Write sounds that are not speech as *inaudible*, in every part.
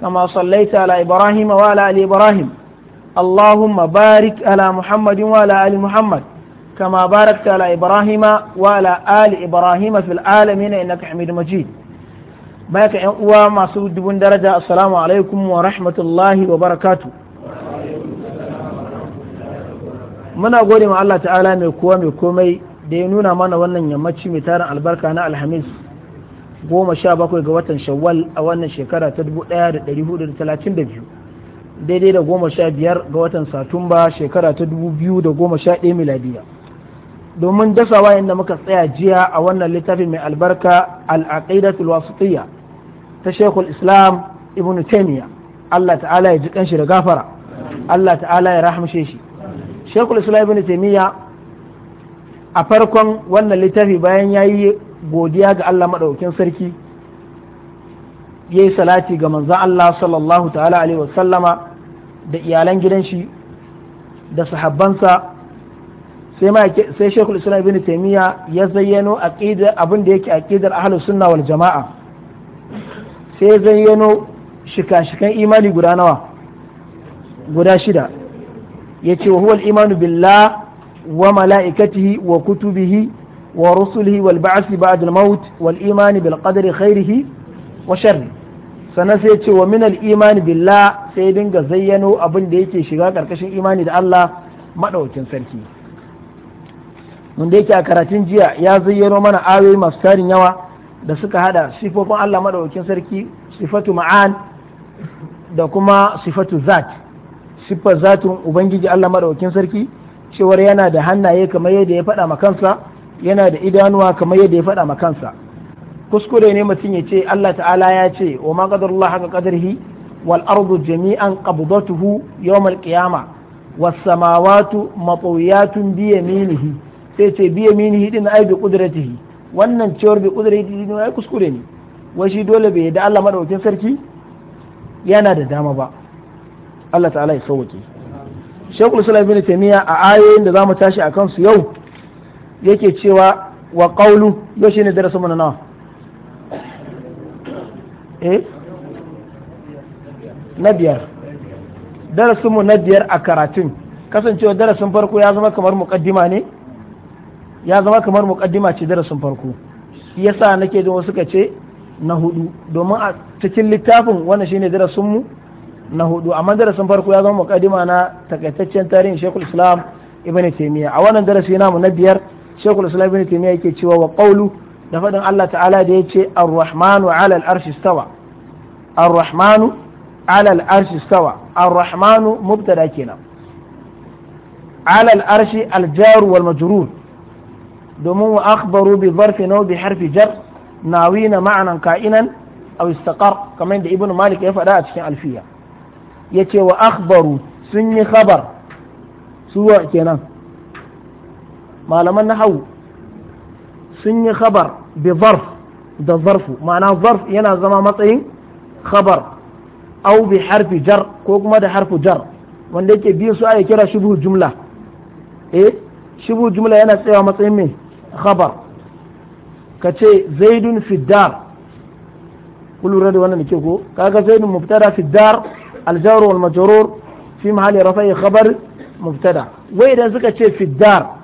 كما صليت على إبراهيم وعلى آل إبراهيم اللهم بارك على محمد وعلى آل محمد كما باركت على إبراهيم وعلى آل إبراهيم في العالمين إنك حميد مجيد بارك أنقوى مع سود بن درجة السلام عليكم ورحمة الله وبركاته muna gode ma Allah ta'ala mai kowa mai komai da ya nuna mana wannan yammaci mai tarin albarka na alhamis goma sha bakwai ga watan shawwal a wannan shekara ta dubu ɗaya da ɗari hudu da talatin da biyu daidai da goma sha biyar ga watan satumba shekara ta dubu biyu da goma sha ɗaya miladiya domin dasawa inda muka tsaya jiya a wannan littafin mai albarka al'aqidatul wasitiyya ta shekul islam ibn taimiya Allah ta'ala ya ji kanshi da gafara Allah ta'ala ya rahamshe shi shekul islam ibn taimiya a farkon wannan littafi bayan ya yi. godiya ga Allah maɗaukin sarki ya yi salati ga manzan Allah sallallahu ta'ala alaihi wasallama da iyalan gidan shi da sahabbansa sai ma sai shekul Islam Ibn taimiyya ya zayyano aqidar abin da yake aqidar ahlus sunna wal jama'a sai zayyano shika-shikan imani guda nawa guda shida yace wa huwa al-imanu billah wa mala'ikatihi wa kutubihi ورسله والبعث بعد الموت والإيمان بالقدر خيره وشره sannan sai ce wa minal imani billah sai dinga zayyano abinda yake shiga karkashin imani da Allah madaukin sarki wanda yake a karatun jiya ya zayyano mana ayoyi masu tarin yawa da suka hada sifofin Allah madaukin sarki sifatu ma'an da kuma sifatu zat siffar zatun ubangiji Allah madaukin sarki cewar yana da hannaye kamar yadda ya faɗa ma kansa yana da idanuwa kamar yadda ya faɗa ma kansa kuskure ne mutum ya ce Allah ta'ala ya ce wa ma qadarullah haka hi wal ardu jami'an qabdatuhu yawm al qiyamah was samawati matawiyatun bi yaminihi sai ce bi yaminihi din ai bi qudratihi wannan cewar bi qudratihi din ai kuskure ne wai shi dole bai da Allah madaukakin sarki yana da dama ba Allah ta'ala ya sauke Shekul Sulaiman bin Taymiya a ayoyin da zamu tashi akan su yau yake cewa wa qawlu yau shine darasin mana nawa eh na biyar darasin mu na biyar a karatun kasancewa darasin farko ya zama kamar muqaddima ne ya zama kamar muqaddima ce darasin farko yasa nake jin wasu ce na hudu domin a cikin littafin wannan shine darasin mu na hudu amma darasin farko ya zama muqaddima na takaitaccen tarihin shekul Islam Ibn taimiyya a wannan darasi namu na biyar shekul islam ibn taymiya yake cewa wa qawlu da faɗin Allah ta'ala da yace ar-rahmanu 'ala al-arshi stawa ar-rahmanu 'ala al-arshi stawa ar-rahmanu mubtada kenan 'ala al-arshi al-jar wal majrur domin wa akhbaru bi zarfi naw bi harfi jar nawina ma'anan ka'inan aw istaqar kamar da ibnu malik ya faɗa a cikin alfiya yace wa akhbaru sun yi khabar suwa kenan malaman nahawu sun yi khabar bi zarf da zarfu ma'ana zarf yana zama matsayin khabar au bi harfi jar ko kuma da harfu jar wanda yake biyu su ake kira shubu jumla eh shubu jumla yana tsayawa matsayin mai khabar ka ce zaidun fiddar kun lura da wannan ke ko kaga zaidun mubtada fiddar aljaru wal majrur fi mahalli rafa'i khabar mubtada wai idan suka ce fiddar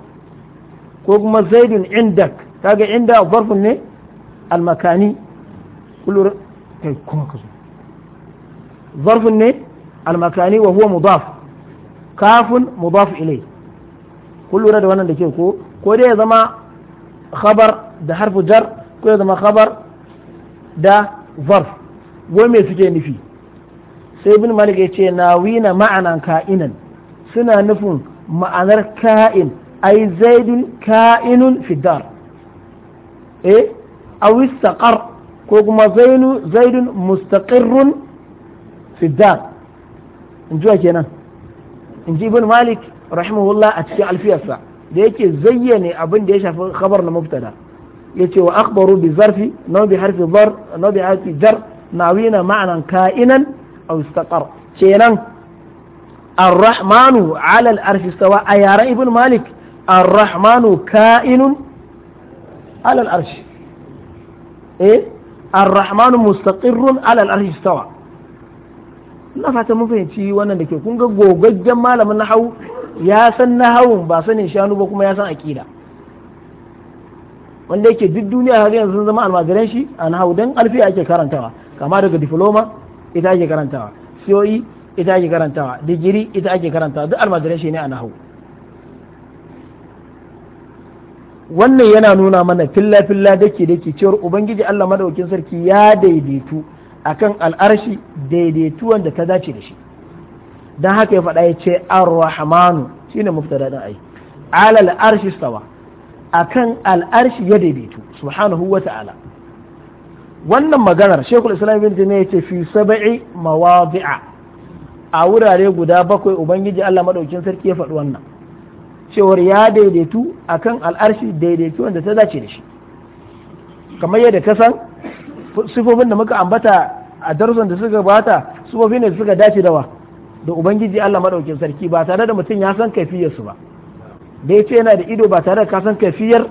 ko kuma zaidun inda kaga inda zarfin ne almakani kullur kai kuma ka zarfin ne almakani wa huwa mudaf kafin mudaf ilai kullura da wannan da ke ko ko dai ya zama khabar da harfu jar ko ya zama khabar da zarf wai me suke nufi sai ibn malik ya ce na wina ma'anan ka'inan suna nufin ma'anar ka'in ai zaidun ka'inun fidar eh aw istaqar ko kuma zainu zaidun mustaqirrun fidar in kenan inji ji ibn malik rahimahullah a cikin alfiyarsa da yake zayyane abin da ya shafi khabar na mubtada yace wa akhbaru bi zarfi na bi harfi zar na bi harfi jar nawina ma'anan ka'inan aw istaqar kenan الرحمن على الأرش استوى أيار ابن مالك ar-rahmanu ka'inun alal arshi eh ar mustaqirrun alal arshi fata mun fahimci wannan da ke kun ga gogaggen malamin hau ya san nahawun ba sanin shanu ba kuma ya san akida wanda yake duk duniya har yanzu zama almajiran shi a hau dan alfiya ake karantawa kama daga diploma ita ake karantawa siyoyi ita ake karantawa digiri ita ake karantawa duk almajiran shi ne a hau. wannan yana nuna mana filla filla dake dake cewar ubangiji Allah madaukakin sarki ya daidaitu akan al'arshi daidaituwan da ta dace da shi dan haka ya faɗa ya ce ar-rahmanu shine mubtada din ai alal arshi stawa akan al'arshi ya daidaitu subhanahu wa ta'ala wannan maganar shekul islam ibn ne ya fi sab'i mawadi'a a wurare guda bakwai ubangiji Allah madaukakin sarki ya faɗi wannan cewar ya daidaitu akan al'arshi daidaitu wanda ta dace da shi kamar yadda ka san sifofin da muka ambata a darussan da suka bata sifofin da suka dace da wa da ubangiji Allah madaukin sarki ba tare da mutum ya san kaifiyar su ba da ya ce yana da ido ba tare da ka san kaifiyar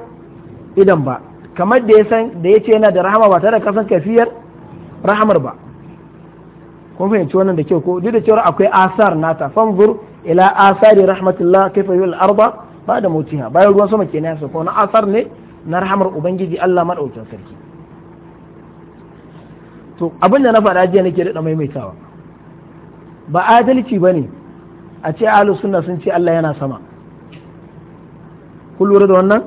idan ba kamar da ya san da ya ce yana da rahama ba tare da ka san kaifiyar rahamar ba kun fahimci wannan da kyau ko duk da cewa akwai asar nata fanzur ila asari rahmatullah kaifa yul arda ba da mutiha bayan ruwan sama ke ya ko na asar ne na rahmar ubangiji Allah madaukakin sarki to abin da na faɗa jiya nake daɗa maimaitawa ba adalci ba ne a ce ahlus sunna sun ce Allah yana sama kun da wannan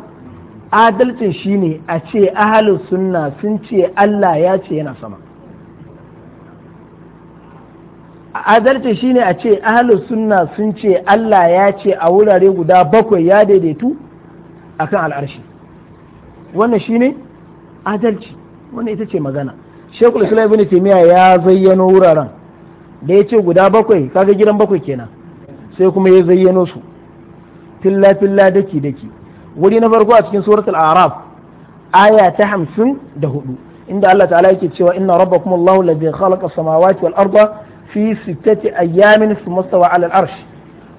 adalcin shine a ce ahlus sunna sun ce Allah ya ce yana sama adalci shine a ce ahalus sunna sun ce Allah ya ce a wurare guda bakwai ya daidaitu akan al'arshi wannan shine adalci wannan ita ce magana shekul islam ibn taymiya ya zayyano wuraren da ya ce guda bakwai kaga gidan bakwai kenan sai kuma ya zayyano su filla filla daki daki wuri na farko a cikin suratul araf aya ta hamsin da hudu inda Allah ta'ala yake cewa inna rabbakumullahu Allahu lafiya khalaqa samawa samawati wal arda fi sittati ayyamin su mastawa alal arsh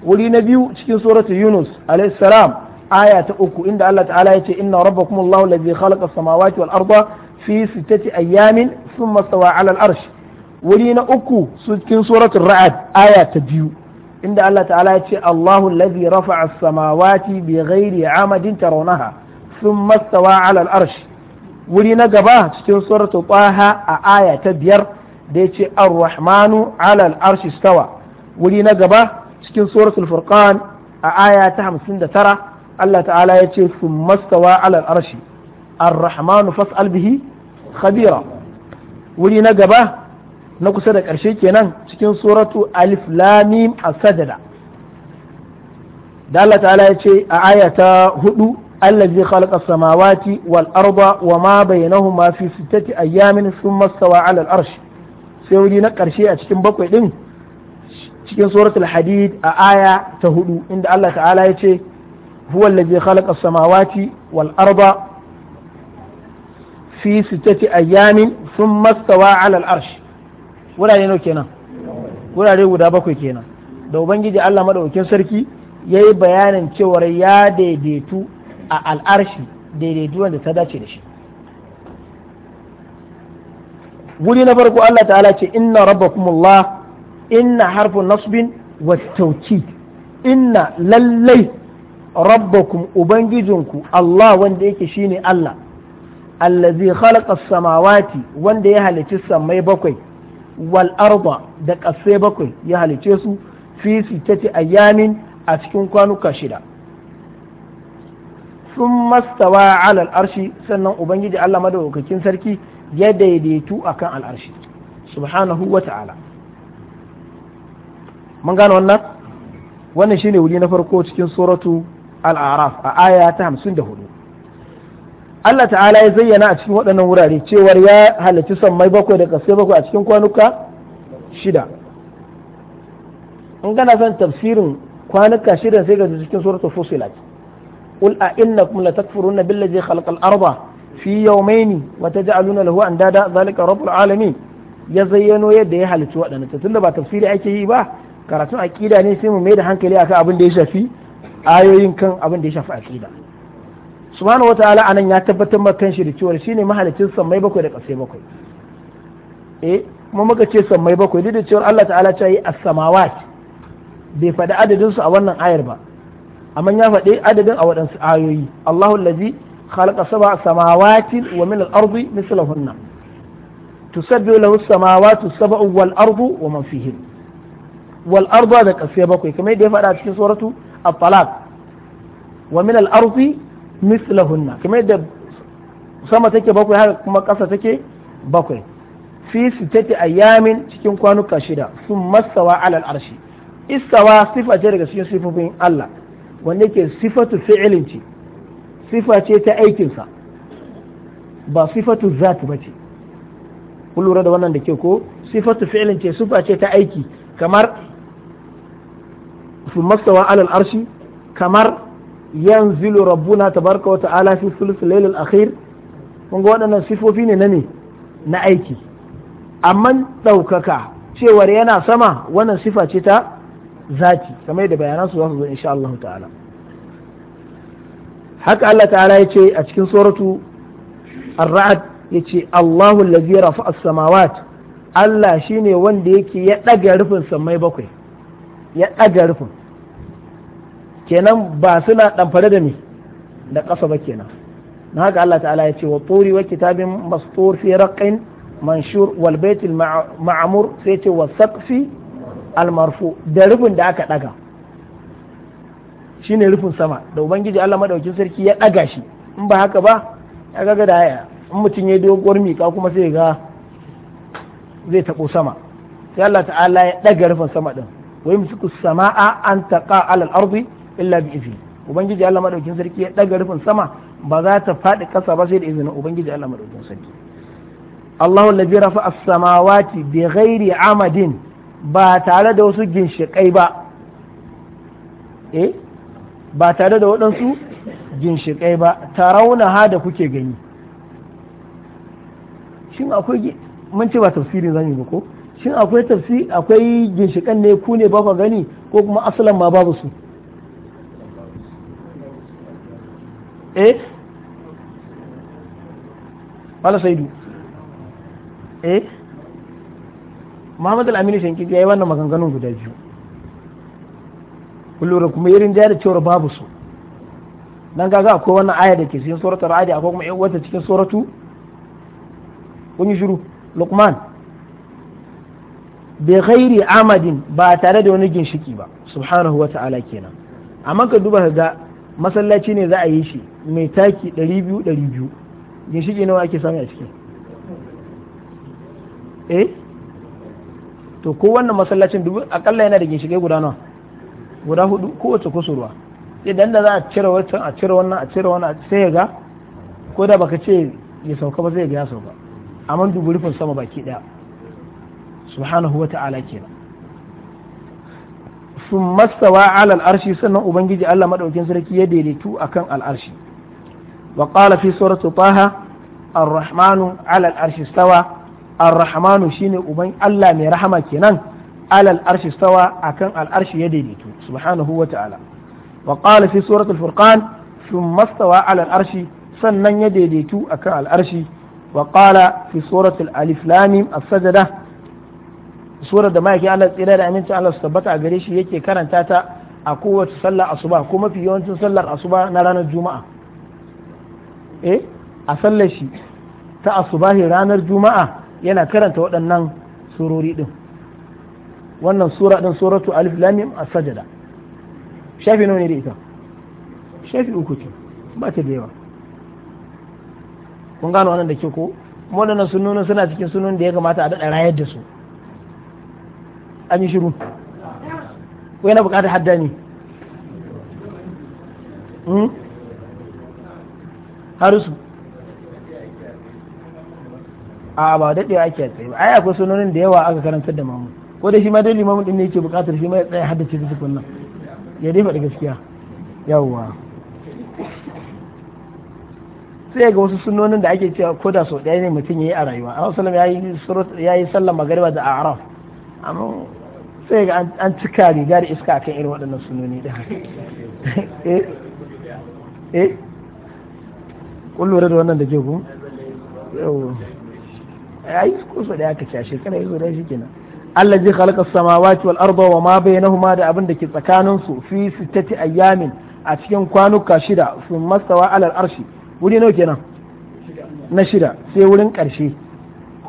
wuri na biyu cikin suratu yunus alayhi salam aya ta uku inda Allah ta'ala ya ce inna rabbakum allahu allazi khalaqa samawati wal arda fi sittati ayyamin thumma stawa alal arsh wuri na uku cikin suratul ra'ad aya ta biyu inda Allah ta'ala ya ce Allahu allazi rafa'a as-samawati bighairi 'amadin tarawnaha thumma stawa 'ala al-arsh wuri na gaba cikin suratul Taha a aya ta biyar da ya ce ar-rahmanu ala arshi stawa wuri na gaba cikin suratul furqan a aya ta 59 Allah ta'ala ya ce thumma stawa ala arshi ar-rahmanu fas'al bihi khabira wuri na gaba na kusa da ƙarshe kenan cikin suratu alif lamim as-sajda da Allah ta'ala ya ce a aya ta hudu allazi khalaqa as-samawati wal arba wa ma bainahuma fi sittati ayamin thumma stawa arshi sai wuri na ƙarshe a cikin bakwai ɗin cikin suratul hadid a aya ta hudu inda Allah ta'ala ya ce huwa allazi khalaqa samawati wal arda fi sittati ayyamin thumma stawa 'ala al arsh wurare nawa kenan wurare guda bakwai kenan da ubangiji Allah madaukin sarki yayi bayanin cewa ya daidaitu a al'arshi daidaituwan da ta dace da shi guri na farko Allah ta'ala ce inna rabbakumullah inna harfun nasbin wa tawkid inna lallai rabbakum ubangijinku Allah wanda yake shine Allah allazi khalaqa samawati wanda ya halicci sammai bakwai wal arda da ƙasai bakwai ya halicce su fi sittati ayyamin a cikin kwanuka shida sun mastawa alal arshi sannan ubangiji Allah madaukakin sarki ya daidaitu akan al'arshi subhanahu wa ta'ala mun gano wannan wannan shi ne wuri na farko cikin suratu al'araf a aya ta hudu. Allah ta'ala ya zayyana a cikin waɗannan wurare cewar ya halarci mai bakwai da ƙasai bakwai a cikin kwanuka shida in gana son tafsirin kwanuka shida sai ga cikin suratul fusilat qul a innakum latakfuruna billazi khalaqal arda fi yawmaini wa taj'aluna lahu andada zalika rabbul alamin ya zayyano yadda ya halicci waɗannan tunda ba tafsiri ake yi ba karatun aqida ne sai mu mai da hankali aka abin da ya shafi ayoyin kan abin da ya shafi aqida subhanahu wataala anan ya tabbatar ma kanshi da cewa shine mahalicin sammai bakwai da ƙasai bakwai eh kuma muka ce sammai bakwai duk da cewa Allah ta'ala ta yi as-samawat bai faɗi adadin su a wannan ayar ba amma ya faɗi adadin a waɗansu ayoyi Allahu allazi خلق سبع سماوات ومن الأرض مثلهن تسبح له السماوات السبع والأرض ومن فيهن والأرض هذا كسي بكوي كما يدفع على سورة الطلاق ومن الأرض مثلهن كما يدفع sama take bakwai haka kuma kasa take bakwai fi sitati ayyamin cikin kwanuka shida sun masawa alal arshi istawa sifa ce daga cikin sifofin Allah wanda yake sifatu fi'ilin sifa ce ta aikinsa ba sifatu zat ba ce da wannan da ke ko sifatu fi'lin ce sifa ce ta aiki kamar su mastawa alal arshi kamar yanzilu rabbuna tabaraka wata ta'ala fi sulus lailul akhir mun ga waɗannan sifofi ne na ne na aiki amma ɗaukaka cewar yana sama wannan sifa ce ta zati kamar da bayanan su za su zo insha Allah ta'ala haka Allah ta'ala ya ce a cikin suratu ar-ra'd ya ce Allahu allazi rafa'a as-samawat Allah shine wanda yake ya daga rufin samai bakwai ya daga rufin kenan ba suna ɗamfare da me da ƙasa ba kenan na haka Allah ta'ala ya ce wa turi wa kitabin mastur fi raqin manshur wal baitil ma'mur sai ce wa saqfi al marfu da rufin da aka daga Shi ne rufin sama da ubangiji Allah madaukin sarki ya ɗaga shi in ba haka ba ya ga da haya in mutum ya doguwar miƙa kuma sai ga zai taɓo sama sai Allah ta'ala ya ɗaga rufin sama ɗin wai musu sama'a an taƙa alal arzi illa bi izini ubangiji Allah madaukin sarki ya ɗaga rufin sama ba za ta faɗi ƙasa ba sai da izinin ubangiji Allah madaukin sarki Allahu allazi rafa a samawati bi ghairi amadin ba tare da wasu ginshiƙai ba eh ba tare da waɗansu ginshiƙai ba tarauna ha da kuke gani shin akwai mun ce ba tafsirin zan yi ba ko shin akwai tafsi akwai ginshiƙan ne ku ne ba ku gani ko kuma asalan ma babu su eh wala saidu eh Muhammad al-Amin Shankiti ya yi wannan maganganun guda biyu kullum kuma irin jaya da cewar babu su dan kaga akwai wannan aya da ke cikin suratul ra'd akwai kuma wata cikin suratu kun yi shiru luqman bi ghairi amadin ba tare da wani ginshiki ba subhanahu wata'ala kenan amma ka duba ga masallaci ne za a yi shi mai taki 200 200 ginshiki nawa ake samu a ciki eh to ko wannan masallacin dubu akalla yana da ginshikai guda nawa guda hudu kowace kusurwa idan da za a cire wancan a cire wannan a cire wannan sai ya ga ko da baka ce ya sauka ba zai ga ya sauka amma dubu rufin sama baki daya subhanahu wata'ala kenan sun mastawa ala al'arshi sannan ubangiji Allah madaukin sarki ya daidaitu akan al'arshi wa qala fi surati taha ar-rahmanu ala al'arshi stawa ar-rahmanu shine uban Allah mai rahama kenan alal arshi stawa akan al ya daidaitu subhanahu wa ta'ala wa qala fi suratul furqan thumma stawa ala arshi sannan ya daidaitu akan al arshi wa qala fi suratul alif lam mim as surar da ma'aikin Allah tsira da aminci Allah su tabbata a gare shi yake karanta ta a kowace sallar asuba kuma fi yawancin sallar asuba na ranar juma'a eh a sallar shi ta asubahi ranar juma'a yana karanta waɗannan surori din wannan sura ɗin suratu alif lamim a sajada shafi nawa ne da ita shafi uku ce ba ta da yawa kun gano wannan da ke ko waɗannan sunonin suna cikin sunonin da ya kamata a daɗa rayar da su an yi shiru ko yana buƙatar hadda ne hmm? harisu a ba daɗewa ake tsaye ai akwai sunonin da yawa aka karantar da mamu ko da shi ma dai limamin din ne yake buƙatar shi ma ya tsaya haddace da sukun nan ya dai faɗi gaskiya yawwa sai ga wasu sunonin da ake cewa ko da sau ɗaya ne mutum ya yi a rayuwa a wasu ya yi sallar magariba da araf amma sai ga an cika riga da iska akan irin waɗannan sunoni ɗin *laughs* eh eh kun lura da wannan da ke ku yi ko sau ɗaya aka ce a shekara ya zo da shi kenan allazi khalaqa samawati wal arda wa ma bainahuma da abin da ke tsakanin su fi sittati ayyamin a cikin kwanuka shida sun mastawa alal arshi wuri nawa kenan na shida sai wurin karshe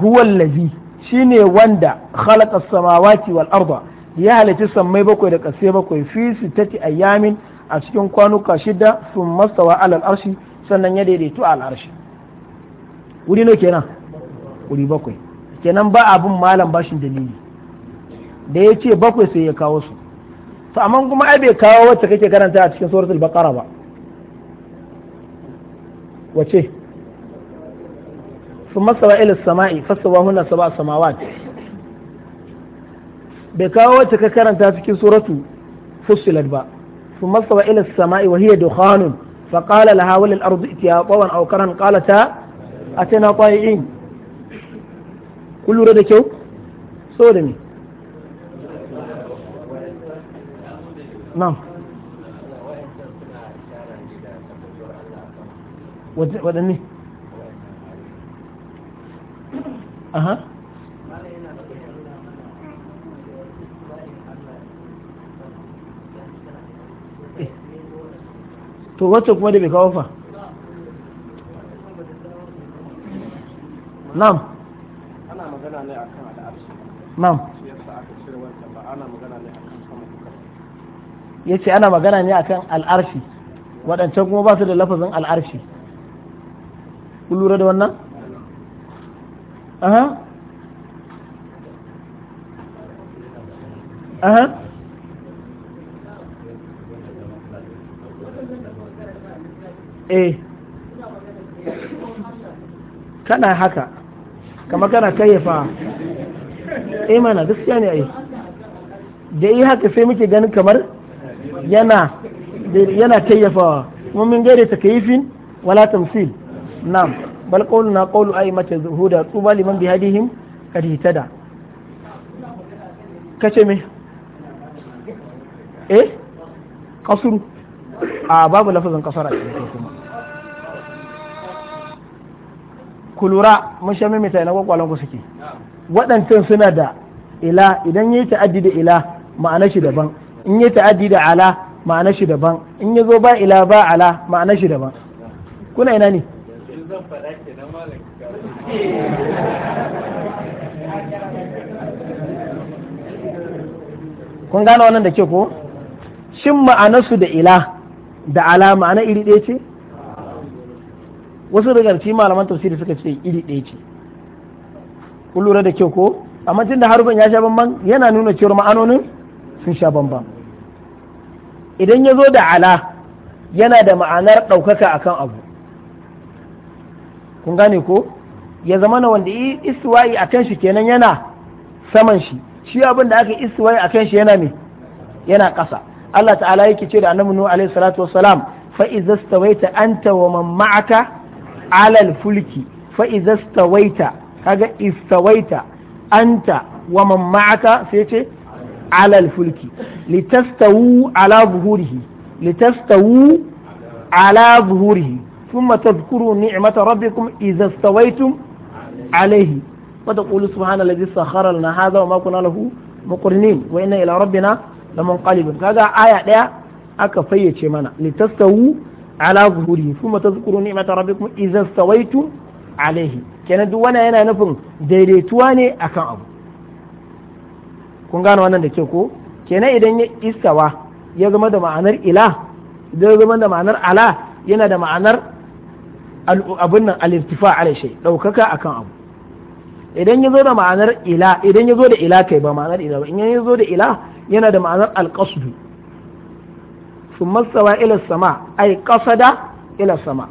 huwa allazi shine wanda khalaqa samawati wal arda ya halitta sammai bakwai da ƙasai bakwai fi sittati ayyamin a cikin kwanuka shida sun mastawa alal arshi sannan ya daidaitu a al'arshi wuri nawa kenan wuri bakwai kenan ba abin malam bashin dalili da ya ce bakwai sai ya kawo su to amma kuma ai bai kawo wacce kake karanta a cikin suratul baqara ba wace sun masawa ila sama'i fasawa hunna saba samawat bai kawo wacce ka karanta cikin suratu fussilat ba sun masawa ila sama'i wa hiya dukhanun fa qala laha wal ardu itiya qawan aw karan qalata atana qai'in kullu da kyau da ni. نعم waɗanne aha eh. to wacce kuma da bai kawo fa nam ana magana ne akan al'arshi nam ya ce ana magana ne akan al'arshi waɗancan kuma ba su da lafazin al'arshi ku lura da wannan? aha aha eh kana haka kama kana kayyafa eh mana gaskiya ne ai da yi haka sai muke ganin kamar yana yana kayyafawa kuma min ta kayifin wala tamsil na'am bal na qawlu mata zuhuda tuba liman hadihim kad hitada kace me eh kasuru a babu lafazin kasara cikin kuma kulura mun sha mimita na kwakwalon ku suke waɗancan suna da ila idan yi ta'addi da ila ma'ana shi daban in ya ta'addi da ala ma'ana shi daban in ya zo ba ila ba ala ma'ana shi daban kuna ina ne kun gane wannan da ke ko shin ma'anarsu da ila da ala ma'ana iri ɗaya ce wasu rigarci malaman tafsiri suka ce iri ɗaya ce kun lura da ke ko amma tun da harufan ya sha bamban yana nuna cewar ma'anonin sun sha bambam. idan ya zo da ala yana da ma'anar ɗaukaka akan abu kun gane ko ya zama na wanda istiwa'i a kan shi kenan yana saman shi shi abin da aka istiwa'i a kan shi yana ne yana ƙasa Allah ta'ala yake ce da annabi nuhu alaihi salatu wassalam fa idza stawaita anta wa man ma'aka ala fulki fa idza stawaita kaga istawaita anta wa man ma'aka sai ce alal fulki litastawu ala zuhurihi litastawu ala zuhurihi ثم تذكروا نعمة ربكم إذا استويتم عليه وتقول سبحان الذي سخر لنا هذا وما كنا له مقرنين وإن إلى ربنا لمنقلبون كذا آية ديا أكا فيتش منا لتستووا على ظهوره ثم تذكروا نعمة ربكم إذا استويتم عليه كان دوانا هنا نفهم ديريتواني أكا أبو kun gane wannan da ke ko kenan idan ya istawa ya zama da ma'anar ila idan ya zama da ma'anar ala yana da ma'anar abin nan aliftifa ala shay daukaka akan abu idan ya zo da ma'anar ila idan ya zo da ila kai ba ma'anar ila ba in ya zo da ila yana da ma'anar alqasdu thumma sawa ila sama ay qasada ila sama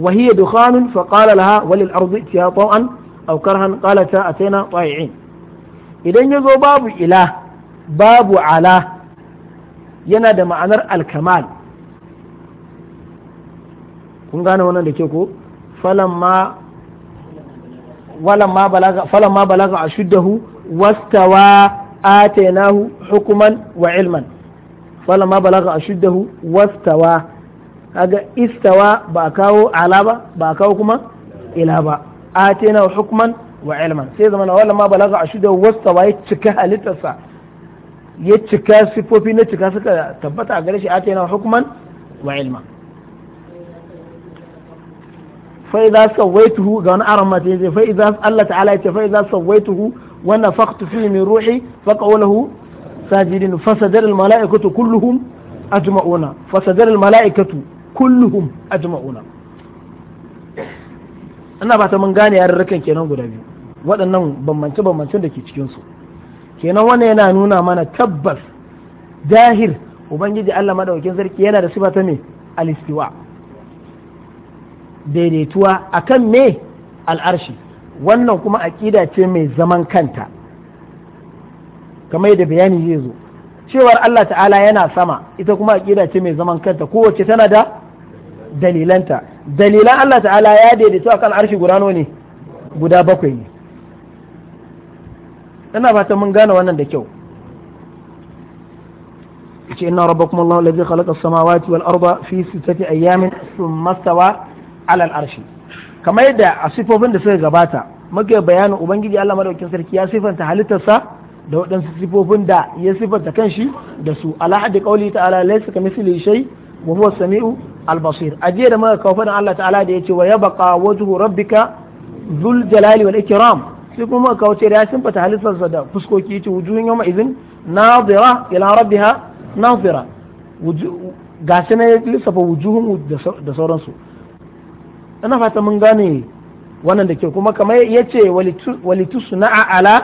وهي دخان فقال لها وللأرض ائتها طوعا أو كرها قالتا أتينا طائعين idan ya zo babu ila babu ala yana da ma'anar alkamal kun gane wannan da ke ko falamma walamma balaga falamma balaga ashuddahu wastawa atainahu hukuman wa ilman falamma balaga a shuddahu wastawa kaga istawa ba kawo ala ba ba kawo kuma ila ba atainahu hukuman wa ilman sai zama na wannan ma balaga a shida wasta ya cika halittarsa ya cika sifofi na cika suka tabbata a gare shi ake na hukuman wa ilman fa idza tuhu ga wani aron mata yace fa idza Allah ta'ala yace fa idza sawaituhu wa nafakhtu fihi min ruhi fa qawluhu sajidin fasadara al mala'ikatu kulluhum ajma'una fasadar al mala'ikatu kulluhum ajma'una ina ba ta mun gane yarurrukan kenan guda biyu waɗannan bambance-bambancen da ke cikinsu kenan wannan yana nuna mana tabbas dahir ubangiji allah madaukakin sarki yana da sifa ta me alistiwa daidaituwa akan me al'arshi wannan kuma aƙida ce mai zaman kanta kamar yadda bayani zai zo cewar allah ta'ala yana sama ita kuma aƙida ce mai zaman kanta kowace tana da dalilanta dalilan allah ta'ala ya daidaito akan arshi guda ne guda bakwai ne ina fata mun gane wannan da kyau ce inna rabbakum Allah alladhi khalaqa as-samawati wal arda fi sittati ayyamin thumma stawa ala al-arshi kamar yadda a sifofin da suka gabata muke bayanin ubangiji Allah madaukakin sarki ya sifanta halittarsa da waɗansu sifofin da ya sifanta kanshi da su ala haddi ta'ala laysa kamithlihi shay wa huwa as-sami'u al-basir ajiya da muka kawo faɗin Allah ta'ala da yace wa yabqa wajhu rabbika dhul jalali wal ikram sai kuma kauce ce ya sun fata halittarsa da fuskoki ce wujuhun yawma izin nazira ila rabbiha nazira ga shi na lissafa wujuhun da sauransu ina fata mun gane wannan da kyau kuma kamar ya ce walitus na ala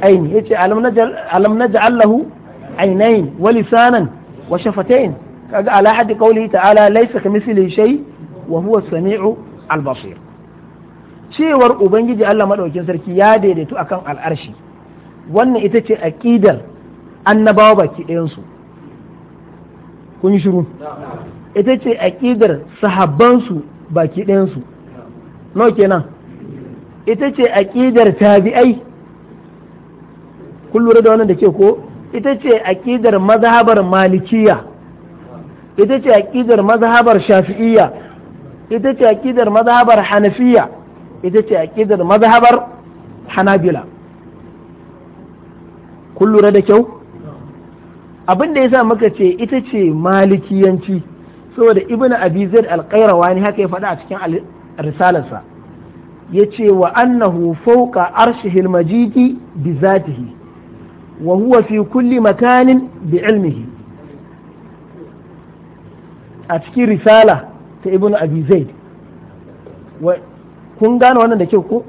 aini ya ce alam na ja'allahu ainain walisanan wa shafatain kaga ala hadi qawlihi ta'ala laysa misli shay wa huwa samiu al-basir cewar ubangiji Allah maɗaukin sarki ya daidaitu akan al'arshi wannan ita ce aƙidar annabawa baki ɗayansu kun yi shiru ita ce aƙidar sahabbansu baki ɗayansu nawa kenan ita ce aƙidar tabi'ai kun lura da wannan da ke ko ita ce aƙidar mazhabar malikiya ita ce aƙidar mazhabar shafi'iyya ita ce aƙidar mazhabar hanafiya ita ce aqidar mazhabar hanabila kun da kyau abin da yasa muka ce ita ce malikiyanci saboda ibnu abi zaid al-qayrawani haka ya faɗa a cikin risalarsa yace wa annahu fawqa arshihil majidi bi zatihi wa huwa fi kulli makanin bi ilmihi a cikin risala ta ibnu abi kun gane wannan da kyau ko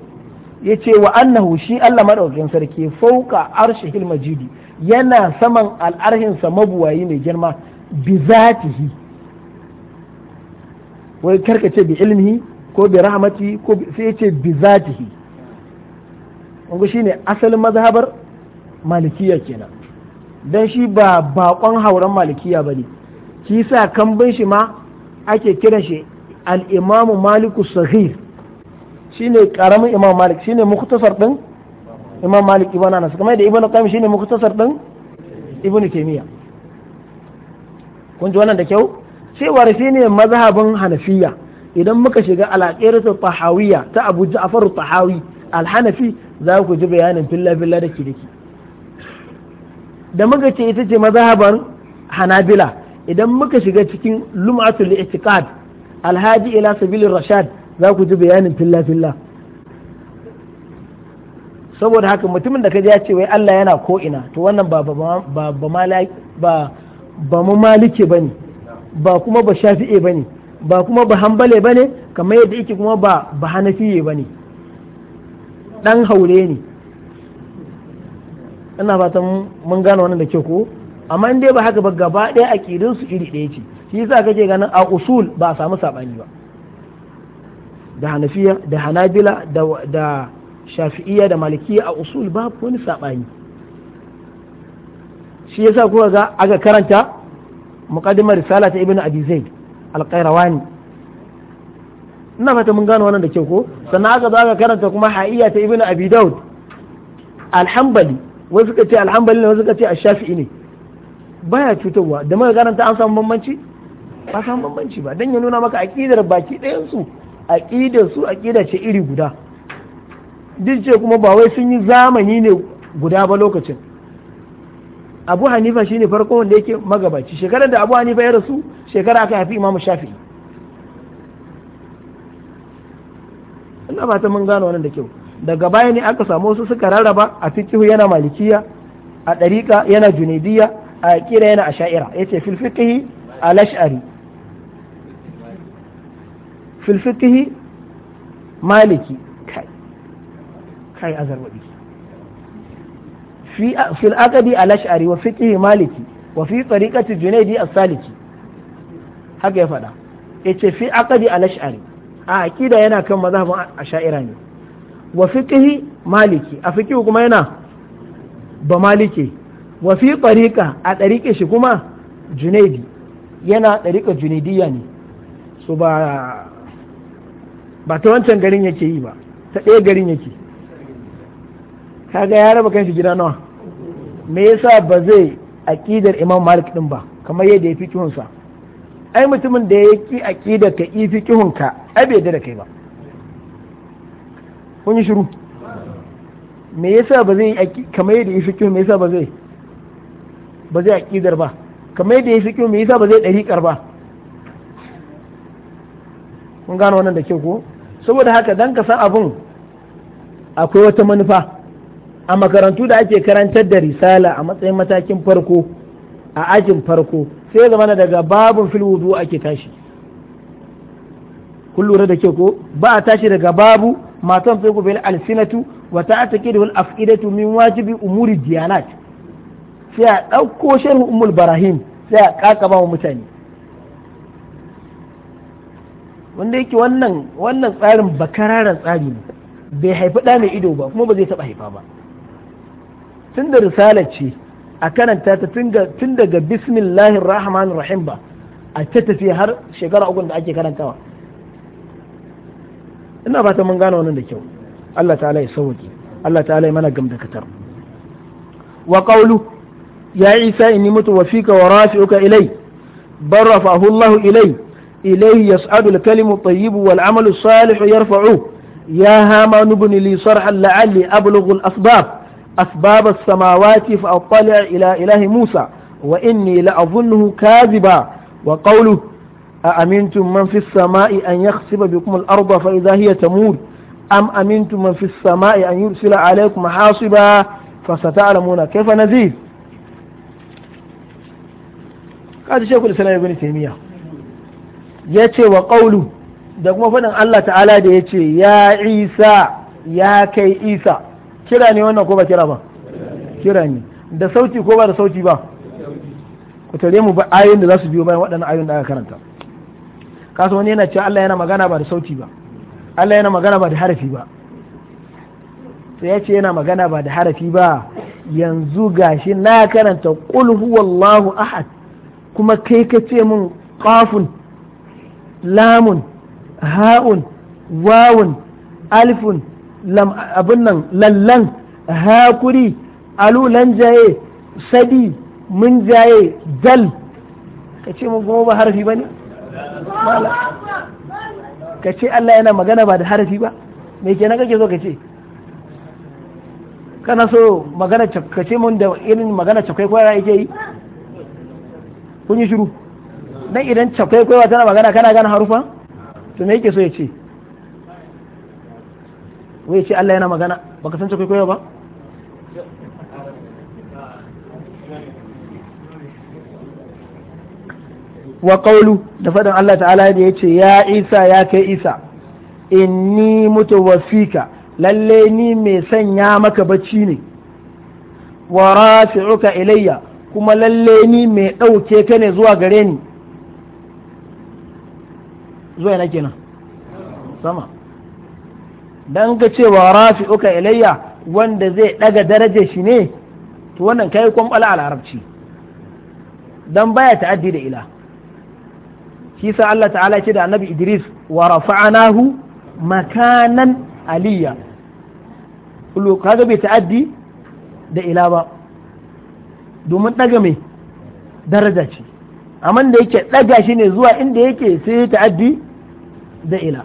ya ce wa annahu shi Allah madaukakin sarki fauka arshihil majidi yana saman al'arhinsa mabuwayi mai girma bi zatihi wai karkace bi ilmihi ko bi rahmati ko sai ce bi zatihi shi shine asalin mazhabar malikiya kenan dan shi ba bakon hauran malikiya bane kisa sa kambin shi ma ake kiran shi al-imamu maliku sahih shine karamin imam malik shine muktasar din imam malik ibn anas kamar da ibn qayyim shine muktasar din ibn taymiya kun ji wannan da kyau cewar shine mazhabin hanafiya idan muka shiga al-aqiratu tahawiyya ta abu ja'far tahawi al-hanafi za ku ji bayanin filla filla da kidiki da muka ce ita ce mazhaban hanabila idan muka shiga cikin lum'atul i'tiqad alhaji ila sabilir rashad za ku ji bayanin filla filla saboda haka mutumin da ji ya ce wai Allah yana ko ina to wannan ba mu malike ba ba ba kuma ba shafi'e ne ba kuma ba ba ne kamar yadda yake kuma ba ba ne ɗan haure ne ina fatan mun gane wannan da ke ko amma in dai ba haka ba gaba ɗaya su iri ɗaya ce shi yasa kake ganin a usul ba a samu saɓani ba da hanafiya da hanabila da shafi'iya da malikiya a usul babu wani saɓani shi yasa kuka ga aka karanta muqaddimar risala ta ibnu abi zaid al-qayrawani ina fata mun gano wannan da kyau ko sannan aka zo aka karanta kuma ha'iya ta ibnu abi daud al-hanbali wai suka ce al-hanbali ne wai suka ce ash-shafi'i ne baya cutarwa da muka karanta an samu bambanci ba samu bambanci ba dan ya nuna maka aqidar baki ɗayan su aƙidar su aƙida ce iri guda duk ce kuma ba wai sun yi zamani ne guda ba lokacin abu hanifa shine farkon wanda yake magabaci shekarar da abu hanifa ya rasu shekara aka haifi imamu shafi ina ba ta mun gano wannan da kyau daga baya ne aka samu wasu suka rarraba a fiqhu yana malikiya a ɗariƙa yana junaidiyya, a ƙira yana asha'ira yace fil fiqhi al-ash'ari fil maliki kai kai azarwadi fi fil aqdi al-ash'ari wa fiqhi maliki wa fi tariqati junaydi as-saliki haka ya fada yace fi aqdi al-ash'ari a aqida yana kan mazhabin ash'ari ne wa fiqhi maliki a fiqhi kuma yana ba maliki wa fi tariqa a tariqe shi kuma junaydi yana tariqa junaydiya ne so ba ba ta wancan garin yake yi ba ta ɗaya garin yake kaga ya raba shi gida nawa me yasa ba zai aƙidar imam malik din ba kamar yadda ya fi kihunsa ai mutumin da ya ki aƙidar ka ifi kihunka ai bai da kai ba kun yi shiru me yasa ba zai kamar yadda ya fi kihun me yasa ba zai ba zai aƙidar ba kamar yadda ya fi kihun me yasa ba zai dariƙar ba kun gano wannan da ke ko saboda haka dan ka san abun akwai wata manufa a makarantu da ake karantar da risala a matsayin matakin farko a ajin farko sai zama na daga babun filwudu ake tashi kun da ke ko ba a tashi daga babu matan sai ku bil alsinatu wa da wani afidatu min wajibi umuri diyanat sai a dauko sharhu ummul barahim sai a ƙaƙaba wa mutane wanda yake wannan wannan tsarin bakararren tsari ne bai haifi ɗa mai ido ba kuma ba zai taɓa haifa ba tun da risala ce a karanta ta tun daga bismillahir rahmanir rahim ba a ta tafi har shekara uku da ake karantawa ina fata mun gane wannan da kyau Allah ta'ala ya sauke Allah ta'ala ya mana katar wa qawlu ya isa inni mutu wa fika wa rafi'uka ilai barrafahu Allah ilai إليه يصعد الكلم الطيب والعمل الصالح يرفعه يا هامان ابن لي صرحا لعلي أبلغ الأسباب أسباب السماوات فأطلع إلى إله موسى وإني لأظنه كاذبا وقوله أأمنتم من في السماء أن يخصب بكم الأرض فإذا هي تمور أم أمنتم من في السماء أن يرسل عليكم حاصبا فستعلمون كيف نذير قال الشيخ الإسلام ابن تيمية ya ce wa ƙaulu da kuma faɗin Allah ta'ala da ya ce ya isa ya kai isa kira ne wannan ko ba kira ba kira ne da sauti ko ba da sauti ba ku tare mu ba ayoyin da za su biyo bayan waɗannan ayoyin da aka karanta kasu wani yana cewa Allah yana magana ba da sauti ba Allah yana magana ba da harafi ba sai ya ce yana magana ba da harafi ba yanzu gashi na karanta qul huwallahu ahad kuma kai ka ce min qafun lamun ha'un wawun alifun lam abin nan lallan hakuri alulan jaye sadi mun jaye dal ka ce mun kuma ba harafi ba ne ka ce Allah yana magana ba da harafi ba me kenan kake so ka ce kana so magana ka ce mun da irin magana cakwai kwara yake yi kun yi shiru dan idan cakwai kwaiwa tana magana kana gane harufa to me yake so ya ce wai ce Allah yana magana baka san cakwai kwaiwa ba wa qawlu da fadan Allah ta'ala da yace ya Isa ya kai Isa inni mutawaffika lalle ni mai sanya maka bacci ne wa rafi'uka ilayya kuma lalle ni mai ɗauke ka ne zuwa gare ni zuwa na kenan sama dan ga cewa rafi uka ilayya wanda zai daga daraje shi ne to wannan kai bala a arabci dan baya ta'addi da ila shi sa Allah ta'ala ce da annabi Idris wa rafa'anahu makanan aliyya kaga bai ta'addi da ila ba domin daga mai daraja ce amma da yake ɗaga shi ne zuwa inda yake sai ya ta'addi da ila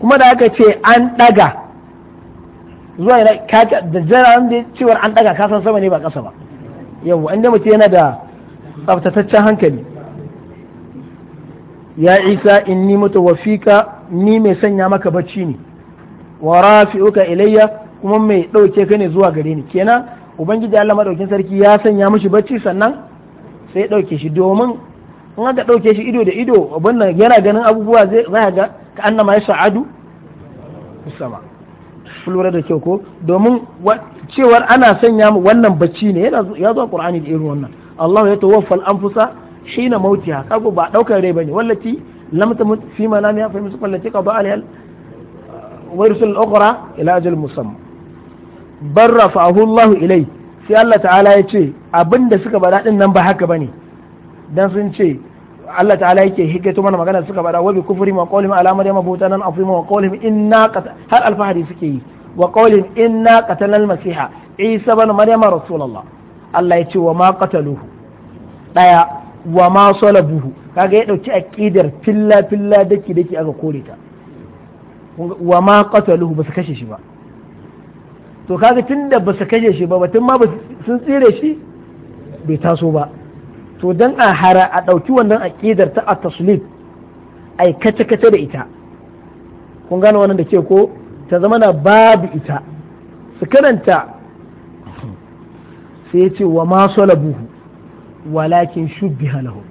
kuma da aka ce an ɗaga zuwa ina kaka da jiran da cewar an ɗaga kasan sama ne ba ƙasa ba yau an mutum yana da tsaftataccen hankali ya isa inni wafika ni mai sanya maka bacci ne wa rafi'uka ilayya kuma mai ɗauke ka ne zuwa gare ni kenan ubangiji Allah madaukin sarki ya sanya mishi bacci sannan sai ɗauke shi domin in aka ɗauke shi ido da ido abin nan yana ganin abubuwa zai za ga ka annama ya sa'adu sama lura da kyau ko domin cewar ana sanya mu wannan bacci ne ya zo ƙur'ani da irin wannan Allah ya tawaffal anfusa hina mautiha kago ba daukar rai bane wallati lam tamut fi lam ya fahimtu wallati ba alhal wa rusul ukhra ila ajal musamma barrafa Allah ilayhi sai Allah ta'ala ya ce abin da suka bada ɗin nan ba haka ba ne, don sun ce Allah ta'ala yake hikaitu mana magana suka bada wa bi kufri ma qawlihim ala maryama nan wa inna har alfahari suke yi wa in inna qatalna masiha isa ibn maryama rasulullah Allah ya ce wa ma qataluhu daya wa ma salabuhu kaga ya dauki aqidar filla filla daki daki aka kore ta wa ma qataluhu ba su kashe shi ba to kaga tun ba su kashe shi ba batun ma sun tsire shi bai taso ba to dan a hara a ɗauki wannan aƙidar ta a taslib a kace kace da ita kun gane wannan da ke ko ta zama na babu ita su karanta sai ya ce wa ma salabuhu walakin shubbiha lahu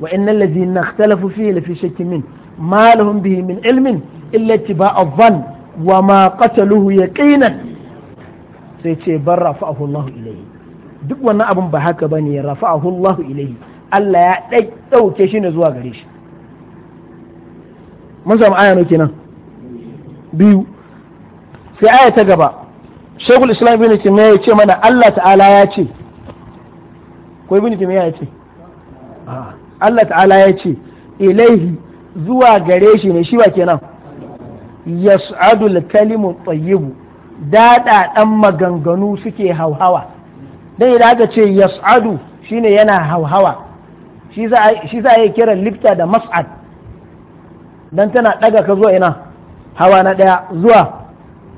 wa innal ladhina ikhtalafu fihi lafi shakkin min ma lahum bihi min ilmin illa a van wa ma ya yaqinan sai ce bar rafa'ahu Allahu ilayhi duk wannan abun ba haka bane rafa'ahu Allahu ilayhi Allah ya dai dauke shi ne zuwa gare shi mun samu aya ne kenan biyu sai aya ta gaba Shaykhul Islam Ibn Taymiyyah ya ce mana Allah ta'ala ya ce ko Ibn Taymiyyah ya ce Allah ta'ala ya ce ilaihi zuwa gare shi ne shi wa kenan yas'adul kalimu tayyibu ɗan maganganu suke hauhawa don idan aka ce yas'adu shine yana hauhawa shi za a yi kiran lifta da mas'ad don tana ɗaga ka zuwa ina hawa na ɗaya zuwa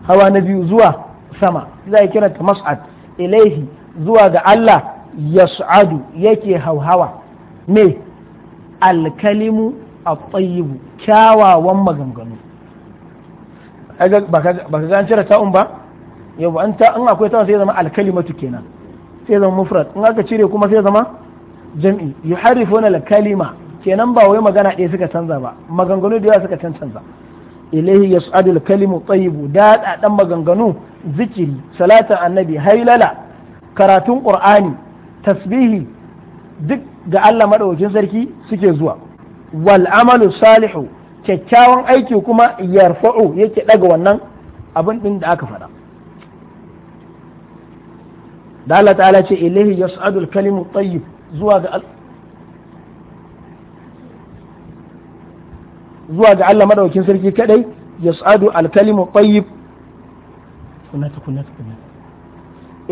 hawa na biyu zuwa sama shi za a yi ta mas'ad ilaihi zuwa ga Allah yas'adu yake hauhawa me alkalimu a kyawawan maganganu ba ka ga cire ta'un ba yau an ta in akwai ta'un sai zama alkalimatu kenan sai zama mufrad in aka cire kuma sai zama jam'i yuharrifuna alkalima kenan ba wai magana ɗaya suka canza ba maganganu da yawa suka canza ilahi yas'adu alkalimu tayyibu da dan maganganu zikiri salatan annabi hailala karatun qur'ani tasbihi duk ga Allah madaukakin sarki suke zuwa wal amalu salihu kyakkyawan aiki kuma yarfa'u yake daga wannan abin din da aka faɗa da Allah ta'ala ce ilaihi yas'adu al-kalimu tayyib zuwa ga zuwa ga Allah madaukin sarki kadai yas'adu al-kalimu tayyib kunata kunata kunata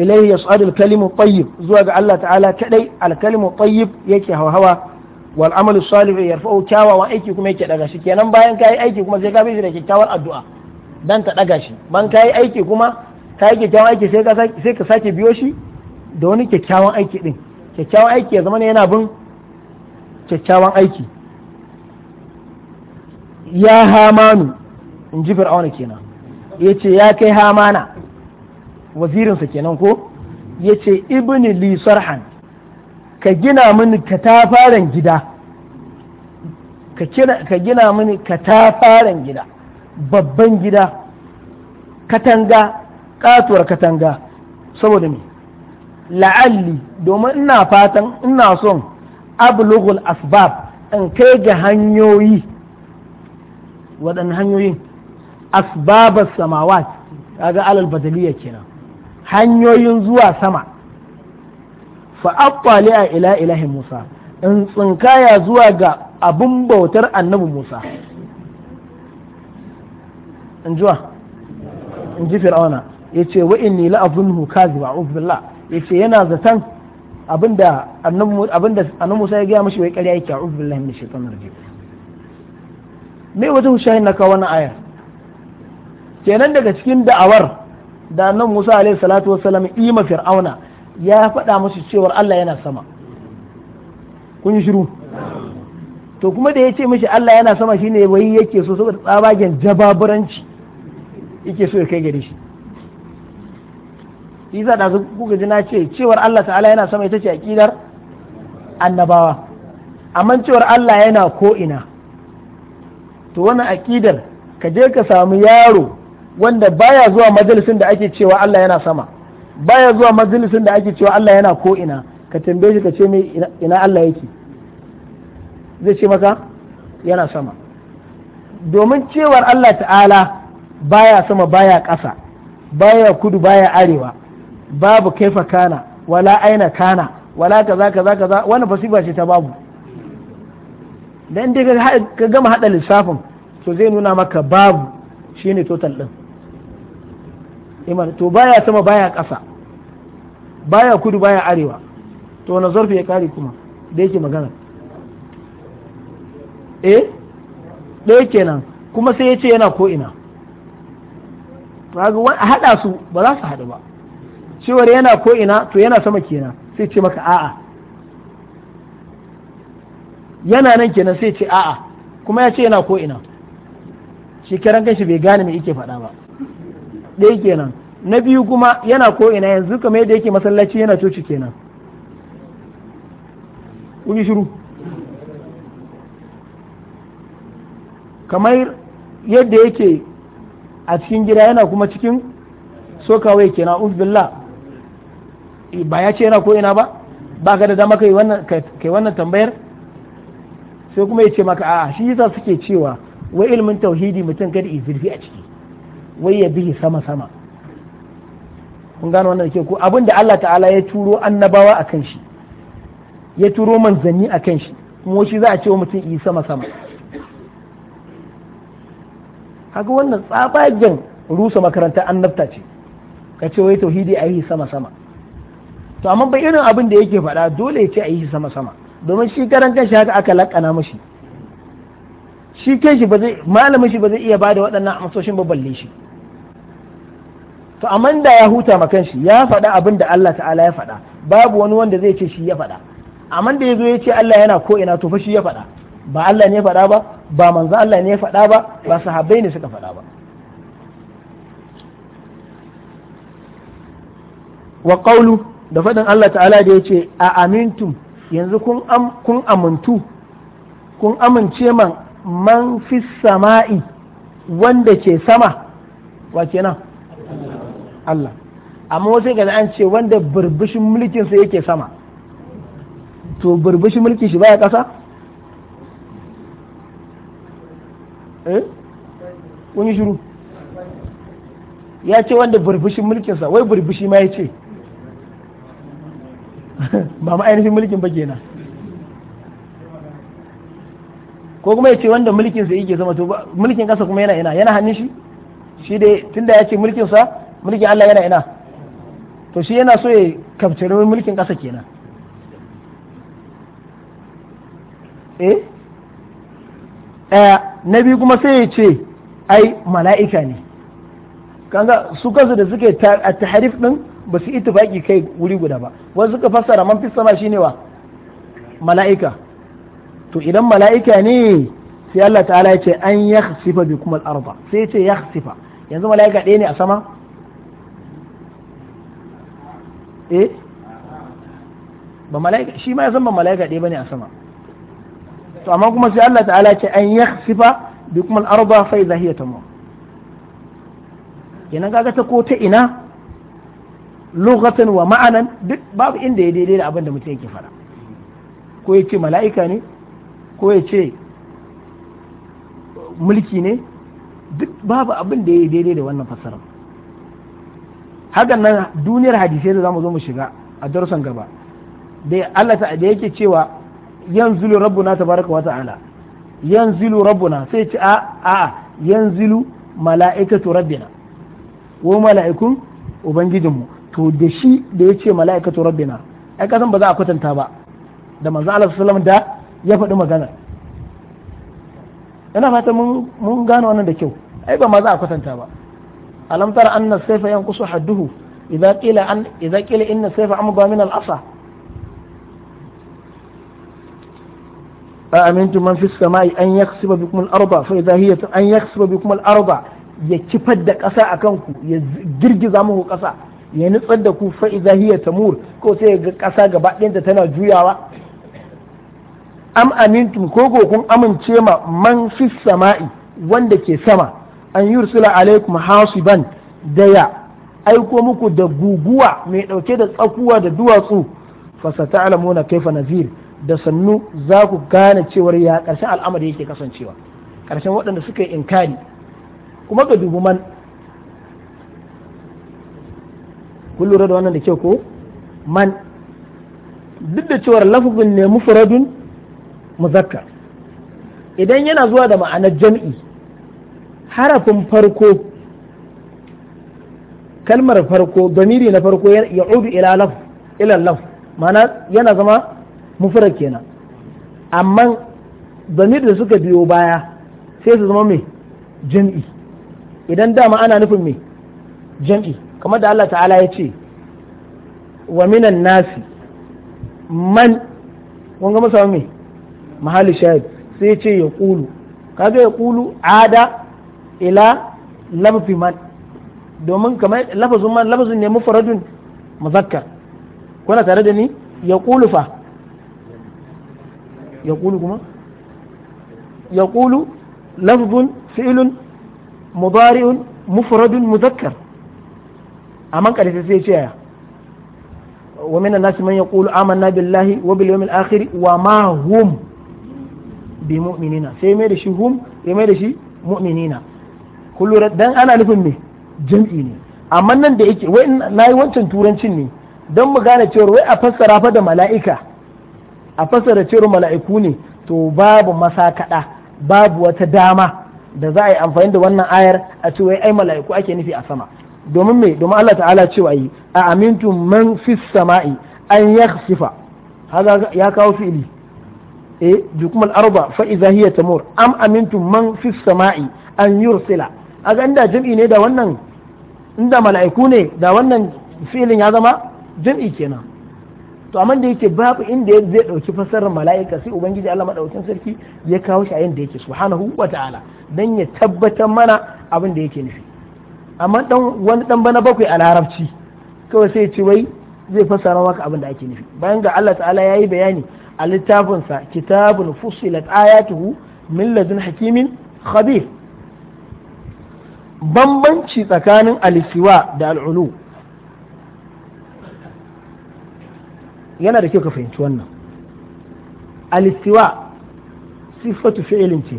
ilaihi yas'adu al-kalimu tayyib zuwa ga Allah ta'ala kadai al-kalimu tayyib yake hawa wal amalu salihu yarfa'u kyawawan aiki kuma yake daga shi kenan bayan kai aiki kuma sai ka bi da kyakkyawar addu'a dan ta daga shi ban kai aiki kuma ka yi kyakkyawan aiki sai ka sake biyo shi da wani kyakkyawan aiki din kyakkyawan aiki ya zama ne yana bin kyakkyawan aiki ya hamanu in ji fir'auna kenan ya ce ya kai hamana wazirinsa kenan ko ya ce ibni li sarhan ka gina mini katafaren gida ka gina mini katafaren gida babban gida katanga katuwar katanga saboda me la'alli domin ina fatan ina son ablughul asbab in kai ga hanyoyi waɗannan hanyoyin asbabar samawat kaga alal badaliya kenan hanyoyin zuwa sama fa attali'a ila ilahi Musa in tsinkaya zuwa ga abin bautar annabi Musa in jiwa in ji fir'auna ya ce wa inni la azunhu kadhiba a'udhu billah yace yana zatan abinda da abinda annabi Musa ya gaya mishi wai ƙarya yake a'udhu billahi minash shaitanir rajim me wajen shahin na kawo wannan aya kenan daga cikin da'awar da annabi Musa alaihi salatu wassalam ima fir'auna ya faɗa musu cewar Allah yana sama kun yi shiru to kuma da ya ce mishi Allah yana sama shine wai yake so saboda tsabagen jababuranci yake so ya kai gare shi shi da su kuka ji na ce cewar Allah ta'ala yana sama ita ce aqidar annabawa amma cewar Allah yana ko ina to wannan aqidar ka je ka samu yaro wanda baya zuwa majalisin da ake cewa Allah yana sama baya zuwa majalisin da ake cewa Allah yana ko ina ka tambaye shi ka ce mai ina Allah yake zai ce maka yana sama domin cewar Allah ta'ala baya sama baya ƙasa baya kudu baya arewa babu kaifa kana wala aina kana wala kaza kaza kaza wani fasifa ce ta babu dan dai ka gama hada lissafin to zai nuna maka babu shine total din imani to baya sama baya ƙasa baya kudu baya arewa to wani zarfi ya kare kuma da yake magana eh yake nan kuma sai ya ce yana ko'ina haɗa su ba za su haɗu ba cewar yana ko'ina to yana sama kenan sai ce maka a'a yana nan kenan sai ce a'a kuma ya ce yana ko'ina shi kiran kanshi bai gane me yake faɗa ba ɗaya kenan na biyu kuma yana ko ina yanzu kamar yadda yake masallaci yana coci kenan kuji shiru kamar yadda yake a cikin gida yana kuma cikin sokawai kenan uzbillah eh, ba ya ce yana ko ina ba ba ka da dama kai wannan tambayar sai kuma ya ce maka a shi yasa suke cewa wai ilmin tauhidi mutum kada izirfi a ciki wai ya bihi sama sama kun gano wannan ke ko abinda Allah ta'ala ya turo annabawa a kan shi ya turo manzanni a kan shi kuma shi za a ce wa mutum yi sama sama haka wannan tsabagen rusa makaranta annabta ce ka ce wai tauhidi a yi sama sama to amma bai irin abin da yake faɗa dole ya ce a yi sama sama domin shi karan kanshi haka aka lakana mashi shi kanshi ba zai malamin shi ba zai iya bada waɗannan amsoshin ba balle shi to amma da ya huta ma kanshi ya faɗa abin da Allah ta'ala ya faɗa babu wani wanda zai ce shi ya faɗa amma da ya zo ya ce Allah yana ko ina to fa shi ya faɗa ba Allah ne ya faɗa ba ba manzo Allah ne ya faɗa ba ba sahabbai ne suka faɗa ba wa qawlu da faɗin Allah ta'ala da ya ce a amintum yanzu kun kun amintu kun amince man man fis sama'i wanda ke sama wa kenan Allah amma wasu ga an ce wanda burbushin mulkin sa yake sama to burbushin mulkin shi baya kasa eh wani shiru ya ce wanda burbushin mulkin sa wai burbushi ma ya ce *laughs* ba ma ainihin mulkin ba kenan ko kuma ya ce wanda mulkin sa yake sama to mulkin kasa kuma yana yana yana hannun shi shi dai tunda ya ce mulkin sa mulkin Allah yana ina to shi yana so ya kafciri mulkin ƙasa kenan eh ɗaya na biyu kuma sai ya ce ai mala'ika ne kanga su kansu da suke a taharif din ba su ittifaki kai wuri guda ba wasu suka fassara man fi sama shine wa mala'ika to idan mala'ika ne sai Allah ta'ala ya ce an yakhsifa bikum al-arda sai ya ce yakhsifa yanzu mala'ika ɗaya ne a sama eh ba mala'ika shi ma ya san ba mala'ika ɗaya bane a sama to amma kuma sai Allah ta'ala ce an sifa bi kuma al'arba fa idza hiya tamur kenan kaga ta ko ta ina lughatan wa ma'anan duk babu inda ya daidai da abin da mutum yake fara ko ya ce mala'ika ne ko ya ce mulki ne duk babu abin da ya daidai da wannan fasarar hakan nan duniyar hadisai da zamu zo mu shiga a darusan gaba da Allah ta da yake cewa yanzilu rabbuna tabaraka wa ta'ala yanzilu rabbuna sai ce a a yanzilu mala'ikatu rabbina wa mala'ikun ubangijinmu to da shi da yace mala'ikatu rabbina ai kasan ba za a kwatanta ba da manzo Allah sallallahu alaihi wasallam da ya faɗi magana ina fata mun gano wannan da kyau ai ba ma za a kwatanta ba alam tara anna sayfa yanqusu hadduhu idza qila an idza qila inna sayfa amdha min al-asa أأمنتم من في السماء أن يخسف بكم الأرض فإذا هي أن يخسف بكم الأرض يكفد قسا أكنكو يجرجز أمه قسا ya nutsar da ku fa idza hiya tamur ko sai ga kasa gaba ɗayanta tana juyawa am amintum ko kun amince ma man wanda ke sama an yi yursila alaikum hasiban da ya aiko muku da guguwa mai dauke da tsakuwa da duwatsu na kaifa nazir da sannu za ku gane cewar ya karshen al'amari yake kasancewa karshen waɗanda suka yi inkari kuma ka dubi man kun lura da wannan da kyau ko man duk da cewar lafazin ne mufradun muzakkar idan yana zuwa da ma'anar jam'i harafin farko kalmar farko domiri na farko ya udu ila laf mana yana zama mufrad kenan amma domiri da suka biyo baya sai su zama mai jam'i idan dama ana nufin mai jam'i kamar da Allah ta'ala ya ce wa minan nasi man ga masa mai mahali shahid sai ya ce ya kulu kaga ya kulu ada ila labfi man domin kamar lafazin man lafazin ne mufradun muzakkar kuna tare da ni ya kulu fa ya kulu kuma ya kulu lafzun fi'ilun mudari'un mufradun muzakkar man ƙarfi sai ce ya wa minan nasi man kulu amanna billahi wa bil yawmil akhir wa ma hum bi mu'minina sai mai da shi hum ya mai da shi mu'minina kullum dan ana nufin me jam'i ne amma nan da yake wai na yi wancan turancin ne don mu gane cewar wai a fassara fa da mala'ika a fassara cewar mala'iku ne to babu masakaɗa babu wata dama da za a yi amfani da wannan ayar a ce wai ai mala'iku ake nufi a sama domin me domin Allah ta'ala cewa yi a amintu man fis sama'i an yakhsifa haza ya kawo fi'ili eh jukmal arba fa idha hiya tamur am amintu man fis sama'i an yursila a ga inda jam'i ne da wannan inda mala'iku ne da wannan filin ya zama jim'i kenan to amma da yake babu inda zai dauki fassarar mala'ika sai ubangiji Allah madaukakin sarki ya kawo shi a yanda yake subhanahu wata'ala dan ya tabbatar mana abin da yake nufi amma dan wani dan bana bakwai a larabci kawai sai ce wai zai fassara maka abin da ake nufi bayan ga Allah ta'ala ya yi bayani a littafinsa kitabun fussilat ayatuhu min ladun hakimin khabir bambanci tsakanin alisiwa da al'ulu yana da kyau ka fahimci wannan alisiwa sifatu fi'ilin ce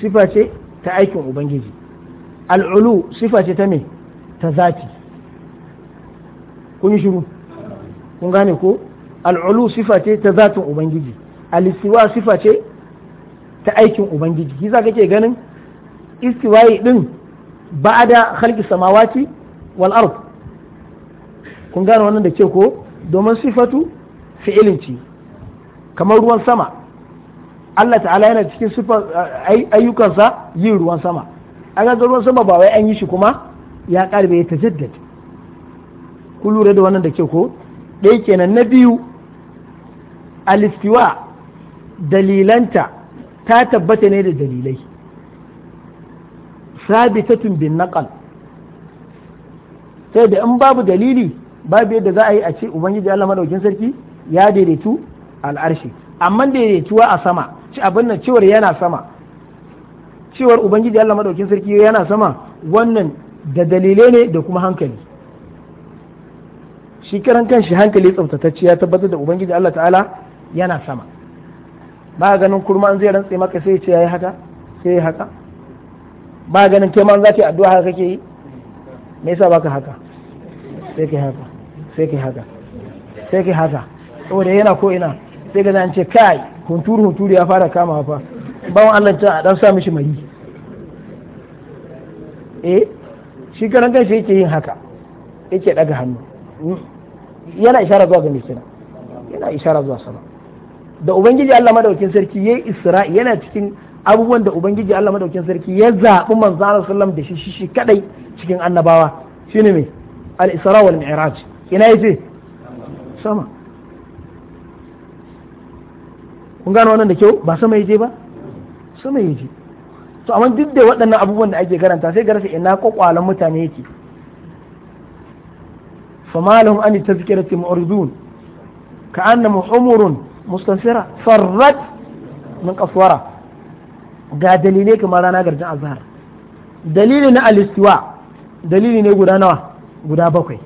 sifa ce ta aikin ubangiji al'ulu sifa ce ta me ta zati kun yi shiru kun gane ko al'ulu sifa ce ta zatin ubangiji alisiwa sifa ce ta aikin ubangiji shi za kake ganin istiwayi din ba'da khalqi samawati wal ard kun gane wannan da ke ko domin sifatu fi'ilin ci kamar ruwan sama Allah ta'ala yana cikin sifar ayyukansa yi ruwan sama an ga ruwan sama ba wai an yi shi kuma ya karbe ya tajaddad ku lura da wannan da ke ko ɗaya kenan na biyu alistiwa dalilanta ta tabbata ne da dalilai sabitatun bin naƙal sai da in babu dalili babu yadda za a yi a ce ubangiji Allah madaukin sarki ya daidaitu al'arshi amma daidaituwa a sama ci abin nan cewar yana sama cewar ubangiji Allah madaukin sarki yana sama wannan da dalilai ne da kuma hankali shi kan shi hankali tsaftatacci ya tabbatar da ubangiji Allah ta'ala yana sama ba ganin kurma an zai rantse maka sai ya ce yayi haka sai ya haka ba ganin kai ma za ka addu'a haka kake yi me yasa baka haka sai kai haka sai kai haka sai kai haka saboda yana ko ina sai ga an ce kai hunturu hunturu ya fara kama fa bawan Allah ta dan sa mishi mai eh shi karan kai yake yin haka yake daga hannu yana isharar zuwa ga mai yana isharar zuwa sama da ubangiji Allah madaukin sarki yayi isra'i yana cikin abubuwan da ubangiji Allah madaukin sarki ya zaɓi manzo Allah sallam da shi shi kadai cikin annabawa shine me al-isra wal mi'raj ina yace sama kun gano wannan da kyau ba sama yaje ba sama yaje to amma duk da waɗannan abubuwan da ake karanta sai garasa ina kokwalan mutane yake فما لهم أن تذكرة معرضون كأنهم حمر مستنفرة فرت من قسورة ga dalilai kamar rana garjin azhar dalili na alistiwa dalili ne guda nawa guda bakwai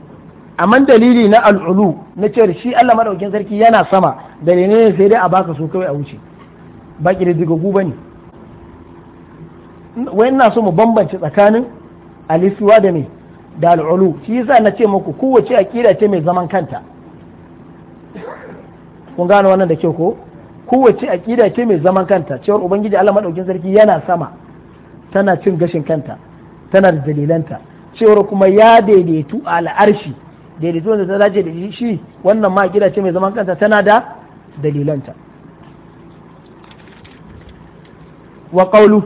amma dalili na al'ulu na cewar shi Allah madaukin sarki yana sama dalilai ne sai dai a baka so kawai a wuce baki da digagu bane wai ina so mu bambance tsakanin alistiwa da me da al'ulu shi yasa na ce muku kowace akida ce mai zaman kanta kun gano wannan da kyau ko kowace aƙida ce mai zaman kanta cewar ubangiji Allah maɗaukin sarki yana sama tana cin gashin kanta tana da dalilanta cewar kuma ya daidaitu a al'arshi daidaitu wanda ta dace da shi wannan ma aƙida ce mai zaman kanta tana da dalilanta wa qawlu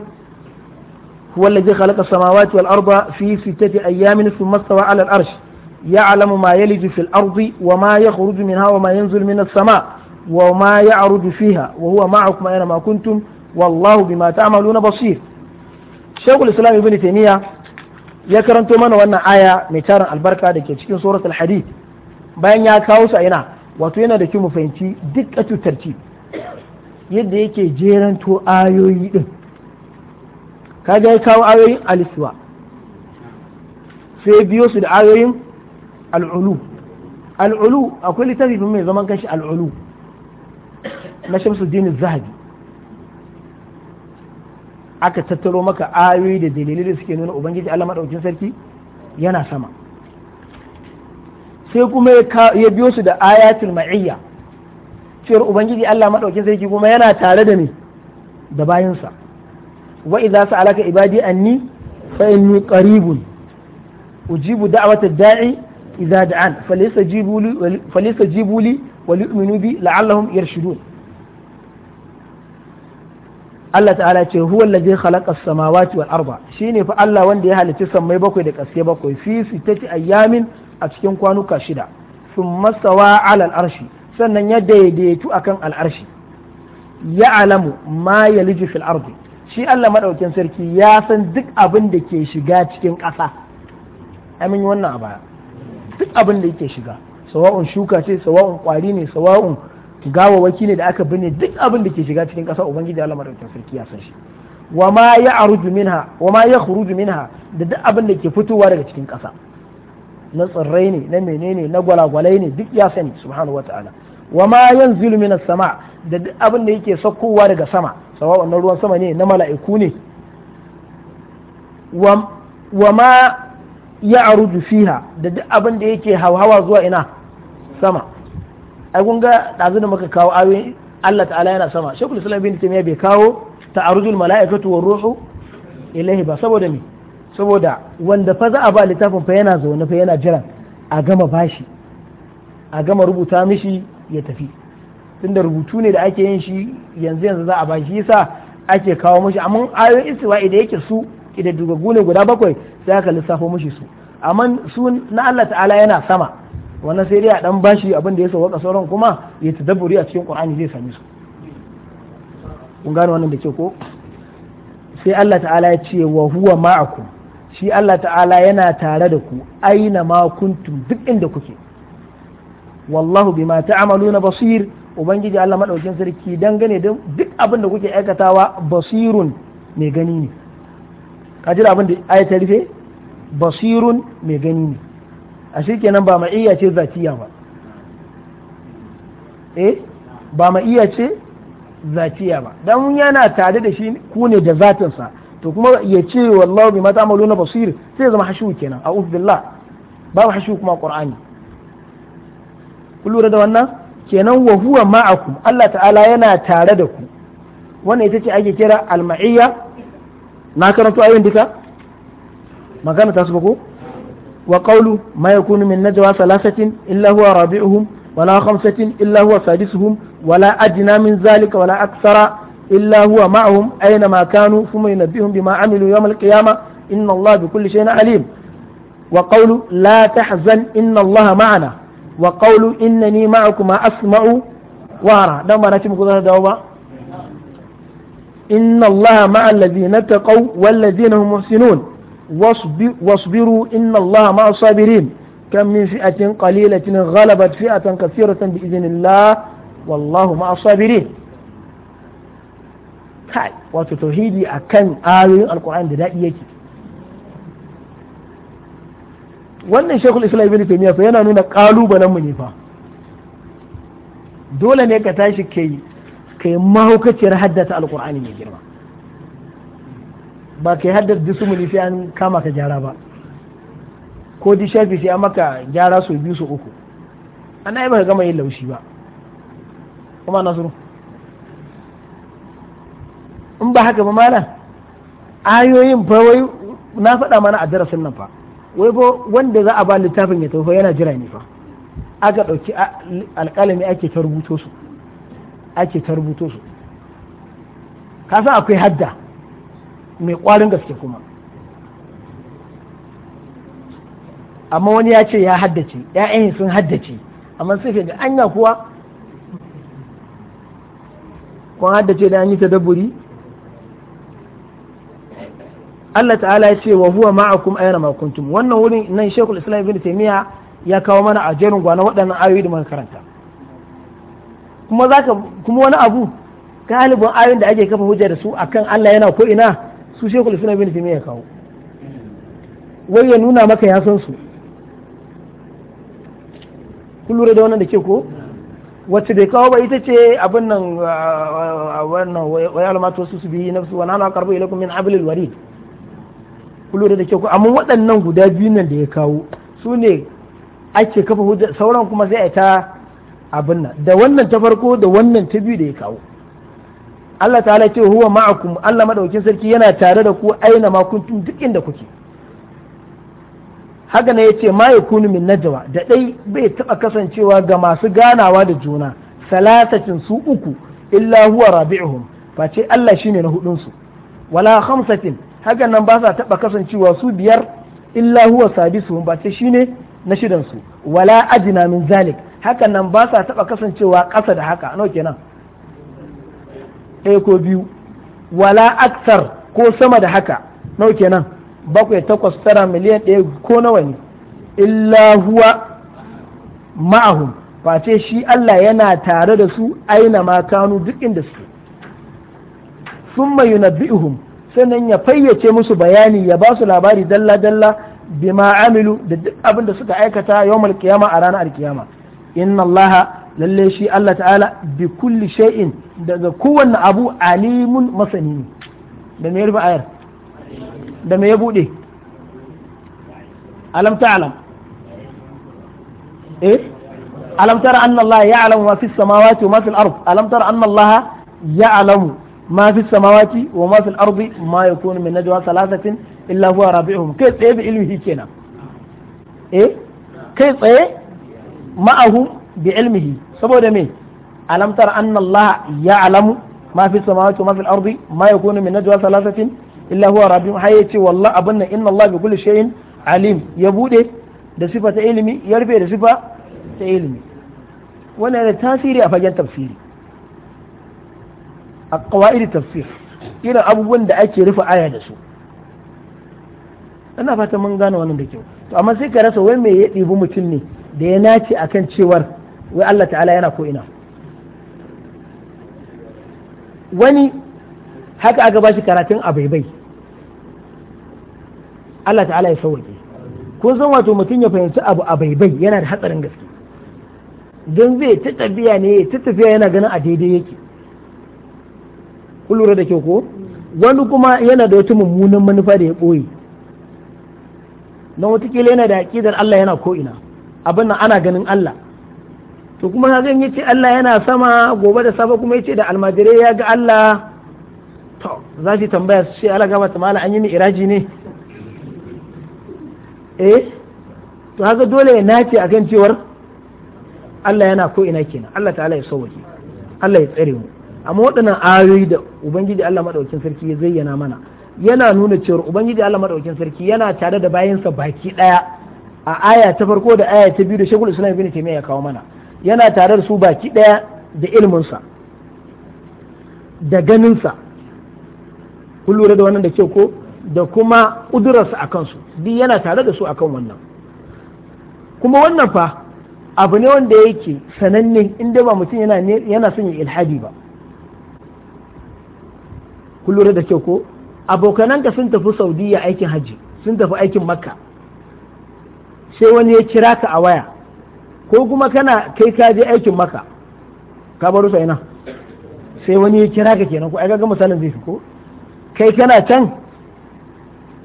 huwa allazi khalaqa samawati wal arda fi sittati ayyamin thumma stawa 'ala al-arsh يعلم ما يلج في الأرض min hawa منها وما ينزل من السماء وما يعرج فيها وهو معكم أينما كنتم والله بما تعملون بصير شيخ الإسلام ابن تيمية ya karanto mana wannan aya mai taron albarka da ke cikin surat al bayan ya kawo su ina wato yana da kyau mu fahimci duk cutarci yadda yake jeranto ayoyi din kaga ya kawo ayoyin alisuwa sai biyo su da ayoyin al'ulu al'ulu akwai littafi mai zaman kashi al'ulu na shamsuddin zahabi aka tattaro maka ayoyi da dalilai da suke nuna ubangiji Allah maɗaukin sarki yana sama sai kuma ya biyo su da ayatul ma'iyya cewar ubangiji Allah maɗaukin sarki kuma yana tare da ni da bayansa wa idza sa'alaka ibadi anni fa inni qaribun ujibu da'wata da'i idza da'an falyasa jibuli falyasa jibuli wa yu'minu bi la'allahum yarshudun Allah ta'ala ce huwa allazi khalaqa as-samawati wal arda shine fa Allah wanda ya halicci sammai bakwai da kaske bakwai fi sittati ayyamin a cikin kwanuka shida thumma sawa 'ala al-arshi sannan ya daidaitu akan al-arshi alamu ma yaliju fil ardi shi Allah madaukin sarki ya san duk abin da ke shiga cikin ƙasa amin wannan a baya duk abin da yake shiga sawa'un shuka ce sawa'un kwari ne sawa'un gawawaki ne da aka binne duk abin da ke shiga cikin ƙasa ubangiji Allah madaukakin sarki ya san shi wa ma ya aruju minha wa ma ya khuruju minha da duk abin da ke fitowa daga cikin ƙasa na tsirrai ne na menene na gwalagwalai ne duk ya sani subhanahu wataala wa ma yanzilu minas sama da duk abin da yake saukowa daga sama sawa'un na ruwan sama ne na mala'iku ne wa ma ya aruju fiha da duk abin da yake hawa zuwa ina sama ai kun ga ɗazu da muka kawo ayoyin Allah ta'ala yana sama shekul islam bin tamiya bai kawo ta'arujul mala'ikatu war ruhu ilaihi ba saboda me saboda wanda fa za a ba littafin fa yana zaune fa yana jiran a gama bashi a gama rubuta mishi ya tafi tunda rubutu ne da ake yin shi yanzu yanzu za a ba shi yasa ake kawo mishi amma ayoyin istiwa'i da yake su idan dugaggu ne guda bakwai sai aka lissafo mishi su amma su na Allah ta'ala yana sama wannan sai dai a dan bashi abin da ya sauka sauran kuma ya tadabburi a cikin qur'ani zai same su kun gane wannan da ke ko sai Allah ta'ala ya ce wa huwa ma'akum shi Allah ta'ala yana tare da ku aina ma kuntum duk inda kuke wallahu bima na basir ubangiji Allah madaukin sarki dangane da duk abin da kuke aikatawa basirun mai gani ne kaji abin da ayata rufe basirun mai gani ne a shi kenan ba ma'iyya ce zatiya ba eh ba ma'iyya ce zatiya ba dan yana tare da shi ku ne da zatinsa to kuma ya ce wallahu bi mata maluna basir sai zama hashu kenan a billah babu hashu kuma qur'ani kun lura da wannan kenan wa huwa ma'akum Allah ta'ala yana tare da ku wannan ita ce ake kira al-ma'iyya na karanto ayin duka magana ta su ko وقوله ما يكون من نجوى ثلاثة إلا هو رابعهم ولا خمسة إلا هو سادسهم ولا أدنى من ذلك ولا أكثر إلا هو معهم أينما كانوا ثم ينبئهم بما عملوا يوم القيامة إن الله بكل شيء عليم وقول لا تحزن إن الله معنا وقول إنني معكما أسمع وأرى دم أنا دوما إن الله مع الذين اتقوا والذين هم محسنون واصبروا إن الله مع الصابرين كم من فئة قليلة غلبت فئة كثيرة بإذن الله والله مع الصابرين kai wato tauhidi a kan ayoyin alkur'an da daɗi yake wannan shekul islam ibn taymiya fa yana nuna kalubalen mu ne fa dole ne ka tashi kai kai mahaukaciyar haddata alkur'ani mai girma ba ka yi haddasa disumuni sai an kama ka gyara ba ko di shafi sai an maka gyara su biyu su uku an ai baka gama yin laushi ba kuma nasiru in ba haka ba mana ayoyin fa wai na faɗa mana a darasin nan fa wai ba wanda za a ba littafin ya tafi yana jira ne fa aka ɗauki alƙalami ake ta rubuto su ake ta rubuto su ka akwai hadda mai kwarin gaske kuma amma wani ya ce ya haddace ya'yan sun haddace amma sai ga anya kuwa kun haddace da an yi tadabburi Allah ta'ala ya ce wa huwa ma'akum ayyana ma kuntum wannan wurin nan shekul Islam Ibn taimiyya ya kawo mana a jerin gwana waɗannan ayoyi da muka karanta kuma zaka kuma wani abu galibin ayoyin da ake kafa hujja da su akan Allah yana ko ina su shekul suna bin timiya ya kawo wai ya nuna maka ya san su kun lura da wannan da ke ko wacce bai kawo ba ita ce abin nan wannan wa ya lamata su su bi su wani ana karbo ilakun min abilil wari kun lura da ke ko amma waɗannan guda biyu nan da ya kawo su ne ake kafa sauran kuma sai a ta abin nan da wannan ta farko da wannan ta biyu da ya kawo Allah ta'ala ce huwa ma'akum Allah madaukin sarki yana tare da ku aina ma kuntum duk inda kuke haka ne yace ma yakunu min najwa da dai bai taba kasancewa ga masu ganawa da juna salatatin su uku illa huwa rabi'uhum ce Allah shine na hudun su wala khamsatin haka nan ba sa taba kasancewa su biyar illa huwa sadisuhum ce shine na shidan su wala ajna min zalik hakan nan ba sa taba kasancewa ƙasa da haka nawa kenan ɗaya ko biyu wala aksar ko sama da haka nau kenan bakwai takwas tara miliyan ɗaya ko nawa ne illa huwa ma'ahum face shi Allah yana tare da su aina ma kanu duk inda su sun mai yunabbi'uhum sannan ya fayyace musu bayani ya ba su labari dalla dalla bima amilu da duk abin da suka aikata yawon alkiyama a ranar alkiyama inna allaha lalle shi Allah ta'ala bi kulli shay'in daga kowanne abu alimun masani ne da me rufe ayar da me ya bude alam ta'lam eh alam tara anna Allah ya'lamu ma fis samawati wa ma fil ard alam tara anna Allah ya'lamu ما في السماوات وما في الأرض ما يكون من نجوى ثلاثة إلا هو رابعهم كيف تأي بإلوه كنا إيه كيف تأي معهم bi ilmihi saboda me alamtar annala ya alamu ya'lamu ma fi samawati ma fil ardi ma yakunu illa huwa rabbihum hayya ce wallahi abinna inna Allah bi kulli alim ya bude da sifa ta ilimi ya rufe da sifa ta ilimi wannan da tasiri a fagen tafsiri a qawaid tafsir irin abubuwan da ake rufe aya da su ina fata mun gane wannan da kyau to amma sai ka rasa wai mai ya ɗibi mutum ne da ya nace akan cewar wai Allah ta'ala yana ko ina wani haka aka bashi karatun Abaibai, Allah ta'ala ya sauke Kun san wato mutum ya fahimci abu Abaibai yana da hatsarin gaske don zai ta tafiya ne ta tafiya yana ganin a daidai yake lura da kyau ko wani kuma yana da wata mummunan manufa da ya ɓoye don watakila yana da aƙidar Allah yana ko'ina abin nan ana ganin Allah to kuma kaga in yace Allah yana sama gobe da safe kuma yace da almajirai ya ga Allah to za shi tambaya su ce Allah gaba ta mala an yi ni iraji ne eh to haka dole ya nace akan cewar Allah yana ko ina kenan Allah ta'ala ya sauke Allah ya tsare mu amma waɗannan ayoyi da ubangiji Allah madaukakin sarki ya zayyana mana yana nuna cewar ubangiji Allah madaukakin sarki yana tare da bayansa baki daya a aya ta farko da aya ta biyu da shagul islam ibn taymiya ya kawo mana yana tare da su baki ɗaya da ilminsa da ganinsa kun da wannan da ke ko da kuma ƙudurarsa a kansu duk yana tare da su a kan wannan kuma wannan fa abu ne wanda yake sananne inda ba mutum yana son ya ilhadi ba kun lura da ke ko abokananka sun tafi saudiya aikin hajji sun tafi aikin makka sai wani ya kira ka a waya ko kuma kana kai ka je aikin maka ka bar sai ina sai wani ya kira ka kenan ko ai ga misalin zai fi ko kai kana can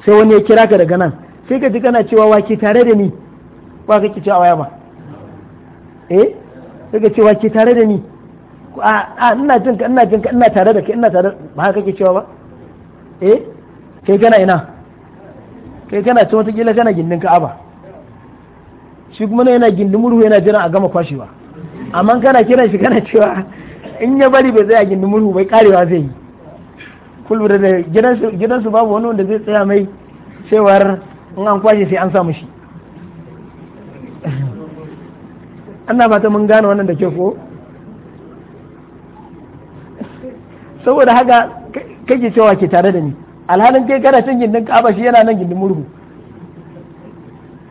sai wani ya kira ka daga nan sai ka ji kana cewa wa ke tare da ni ba kake cewa waya ba eh sai ka ce ke tare da ni a ina jin ka ina jin ka ina tare da kai ina tare ba haka kake cewa ba eh kai kana ina kai kana cewa wata kila kana gindin ka'aba shi kuma yana gindin murhu yana jiran a gama kwashewa amma kana kiran shi kana cewa in ya bari bai tsaya gindin murhu bai karewa zai yi kullu da gidansu babu wani wanda zai tsaya mai cewar in an kwashe sai an samu shi *laughs* ana fata mun gane wannan da ke ko saboda haka kake cewa ke tare da ni alhalin kai kana cin gindin kaba shi yana nan gindin murhu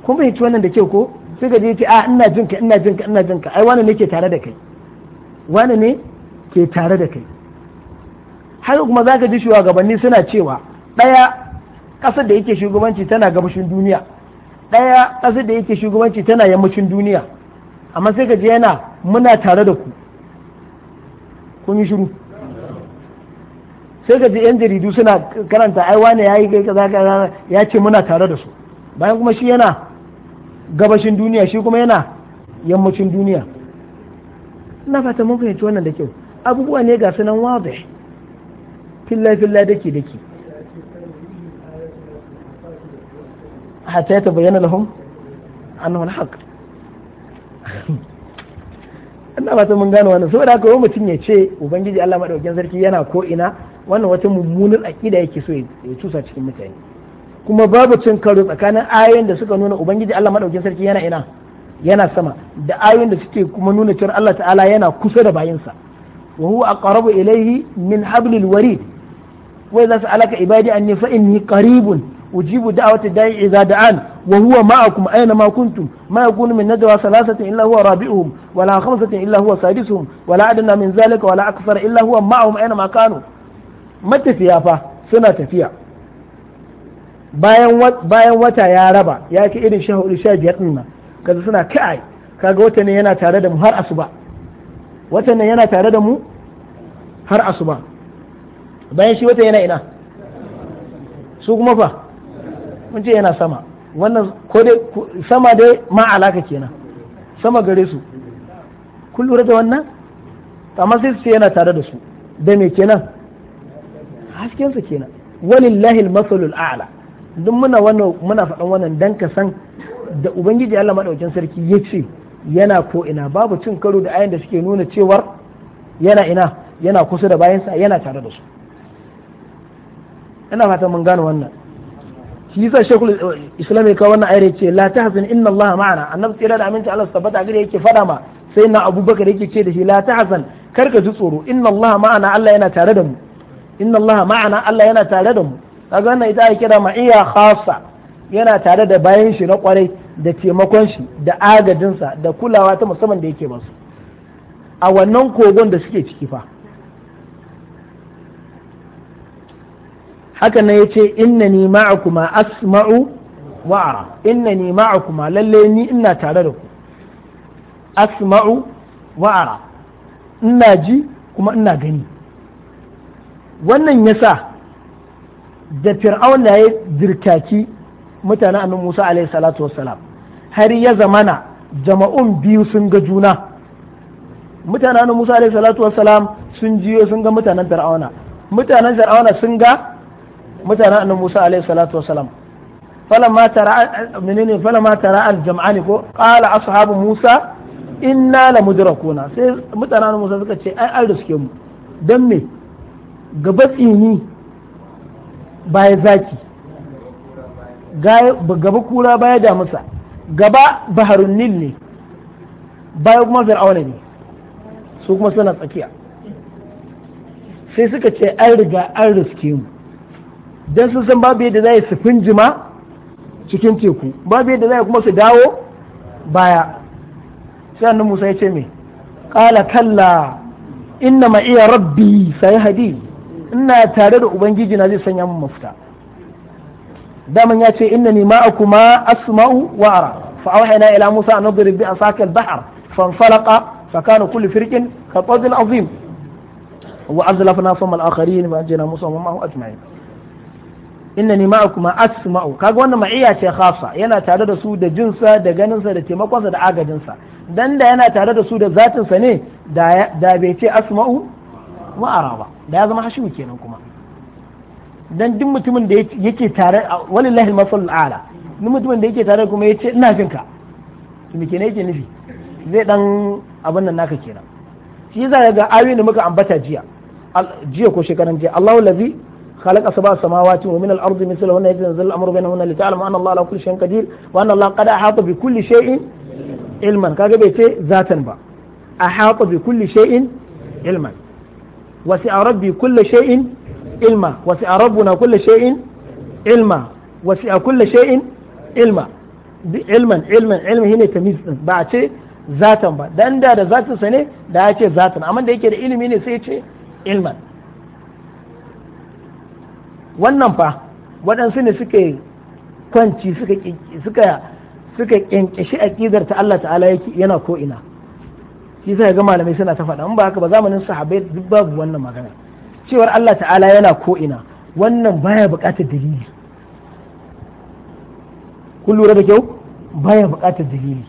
kuma kun ci wannan da ke ko sai gaji ya ce a ah, ina jin ka ina jin ka ina jin ka ai wani ne ke tare da kai wani ne ke tare da kai har kuma za ka ji shugabanni suna cewa ɗaya ƙasar da yake shugabanci tana gabashin duniya ɗaya ƙasar da yake shugabanci tana yammacin duniya amma sai gaji yana muna tare da ku kun yi shiru sai ka ji yan jaridu suna karanta ai wane ya yi kaza ya ce muna tare da su bayan kuma shi yana gabashin duniya shi kuma yana yammacin duniya na fata mun fahimci wannan da kyau abubuwa ne ga sunan wadih filla filla dake dake hata ta bayyana lahum wani haka *laughs* ina fata mun gano wannan saboda haka mutum ya ce ubangiji Allah madaukakin sarki yana ko ina wannan wata mummunar aƙida yake so ya tusa cikin mutane kuma babu cin karo tsakanin ayoyin da suka nuna ubangiji Allah madaukin sarki yana ina yana sama da ayoyin da suke kuma nuna cewa Allah ta'ala yana kusa da bayinsa wa huwa aqrabu ilayhi min hablil warid wa zasu alaka ibadi anni fa inni qaribun ujibu da'wata da'i idza da'an wa huwa ma'akum aina ma kuntum ma yakunu min najwa thalathatin illa huwa rabi'uhum wala khamsatin illa huwa sadisuhum Wala adna min zalika wala la akthara illa huwa ma'ahum aina ma kanu matafiya fa suna tafiya bayan wata ya raba ya ke irin sha hudu sha biyar ɗin nan kaza suna kai kaga wata ne yana tare da mu har asuba watan nan yana tare da mu har asuba bayan shi wata yana ina su kuma fa mun ce yana sama wannan ko dai sama dai ma alaka kenan sama gare su kun lura da wannan amma sai su ce yana tare da su da me kenan haskensa kenan walillahi al-masalul a'la duk muna wannan muna faɗan wannan dan ka san da ubangiji Allah madaukakin sarki ya ce yana ko ina babu cin karo da ayin da suke nuna cewar yana ina yana kusa da bayansa yana tare da su ina fata mun gane wannan shi yasa shekul islam ya kawo wannan ayar ce la tahzan inna Allah ma'ana annabi tsira da aminci Allah tabbata gare yake fada ma sai na abubakar yake ce da shi la tahzan kar ka ji tsoro inna Allah ma'ana Allah yana tare da mu inna Allah ma'ana Allah yana tare da mu kaga wannan ita ake kira ma'iya khassa yana tare da bayan shi na kwarai da taimakon shi da agajinsa da kulawa ta musamman da yake basu a wannan kogon da suke ciki fa haka nan yace innani ma'akuma asma'u wa ara innani ma'akuma lalle ni ina tare da ku asma'u wa ara ina ji kuma ina gani wannan yasa da fir'aun da ya dirkaki mutanen annabi Musa alaihi salatu wassalam har ya zamana jama'un biyu sun ga juna mutanen annabi Musa alaihi salatu wassalam sun jiyo sun ga mutanen fir'auna mutanen fir'auna sun ga mutanen annabi Musa alaihi salatu wassalam menene falamma tara al ترى ko qala ashabu musa inna la mudrakuna sai mutanen Musa suka ce ai an riske mu dan me gaba tsini baya zaki gaba kura baya damusa gaba baharun nil ne baya kuma fir'auna ne su kuma suna tsakiya sai suka ce an riga an riske mu don sun san babu yadda za su finjima cikin teku babu yadda za kuma su dawo baya sai annan Musa ya ce me kala kalla inna ma iya rabbi sai hadi ina tare da ubangiji na zai sanya min mafita daman ya ce innani ma'akuma asma'u wa ara fa awhayna ila musa an nadrib bi asaka al-bahr fanfalaqa fa kana kullu firqin ka qadil azim wa azlafna thumma al-akharin wa ajna musa wa ma'ahu ajma'in innani ma'akuma asma'u kaga wannan ma'iya ce khassa yana tare da su da jinsa da ganinsa da taimakonsa da agajinsa dan da yana tare da su da zatinsa ne da bai ce asma'u wa ara ba da ya zama hashimu kenan kuma dan duk mutumin da yake tare walillahi al-masalul a'la duk mutumin da yake tare kuma yace ina jin ka to me kenan yake nufi zai dan abin nan naka kenan shi yasa ga ayoyin da muka ambata jiya jiya ko shekaran jiya Allahu ladhi خلق سبع سماوات ومن الارض مثلهن يتنزل الامر بينهن لتعلم ان الله على كل شيء قدير وان الله قد احاط بكل شيء علما كاجا بيتي ذاتا با احاط بكل شيء علما a rabbi kulle shay'in ilma wasi'a rabbuna kulle shay'in ilma wasi'a kulli shay'in ilma ilman ilman ilman shine tamiz ba a ce zatan ba dan da da zatin sa ne da ya ce zatan amma da yake da ilimi ne sai ya ce ilman wannan fa waɗansu ne suke kwanci suka suka suka kyankishi aqidar ta Allah ta'ala yana ko ina shi sai ga malamai suna ta faɗa in ba haka ba zamanin sahabbai duk babu wannan magana cewar Allah ta'ala yana ko ina wannan baya buƙatar dalili kun lura da kyau baya buƙatar dalili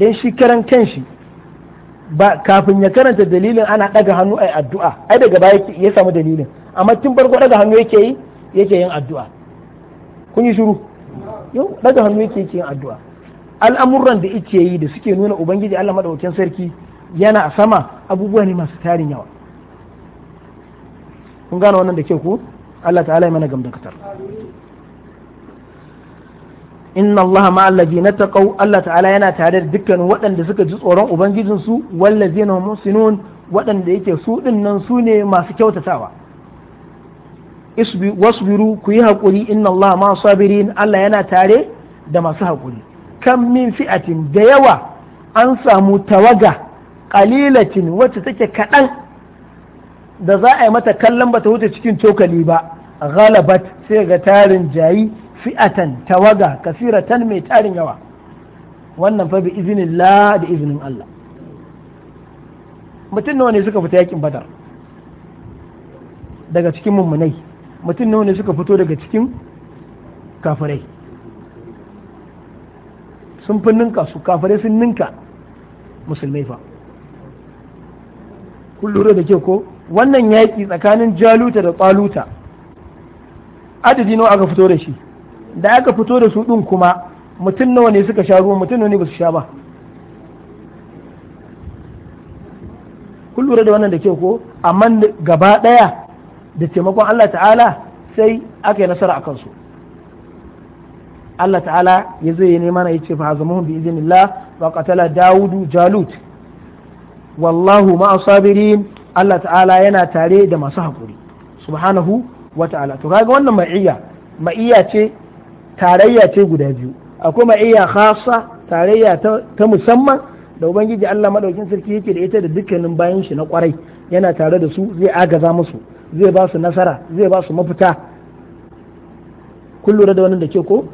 dan shi karan kanshi ba kafin ya karanta dalilin ana ɗaga hannu ai addu'a ai daga baya ya samu dalilin amma tun farko ɗaga hannu yake yi yake yin addu'a kun yi shiru yau ɗaga hannu yake yin addu'a al'amuran da yake yi da suke nuna ubangiji Allah madaukakin sarki yana sama abubuwa ne masu tarin yawa kun gane wannan da ke ku Allah ta'ala ya mana katar inna Allah ma na taqaw Allah ta'ala yana tare da dukkan waɗanda suka ji tsoron ubangijin su wallazina hum musinun waɗanda yake su dinnan su ne masu kyautatawa wasbiru ku yi haƙuri inna Allah ma sabirin Allah yana tare da masu haƙuri kan min fi'atin da yawa an samu tawaga qalilatin wacce take kaɗan da za a yi mata kallon bata wuce cikin cokali ba galabat sai ga tarin jayi fi'atan tawaga kasiratan mai tarin yawa wannan fa bi la da iznin Allah mutum nawa ne suka fita yakin badar daga cikin mummunai mutum nawa ne suka fito daga cikin kafirai sun fi ninka su kafirai sun ninka musulmai fa kun lura da ke ko wannan yaƙi tsakanin jaluta da tsaluta adadi nawa aka fito da shi da aka fito da su ɗin kuma mutum nawa ne suka sha ruwan mutum nawa ne ba su sha ba kun lura da wannan da ke ko amma gaba ɗaya da taimakon Allah ta'ala sai aka yi nasara a kansu Allah ta'ala ya zai nema na ya ce fa hazamuhun bi idinillah wa qatala daudu jalut wallahu ma sabirin Allah ta'ala yana tare da masu haƙuri subhanahu wa ta'ala to kaga wannan ma'iyya ma'iyya ce tarayya ce guda biyu akwai ma'iyya khassa tarayya ta musamman da ubangiji Allah madaukin sarki yake da ita da dukkanin bayan shi na kwarai yana tare da su zai agaza musu zai ba su nasara zai ba su mafita kun lura da wannan da ke ko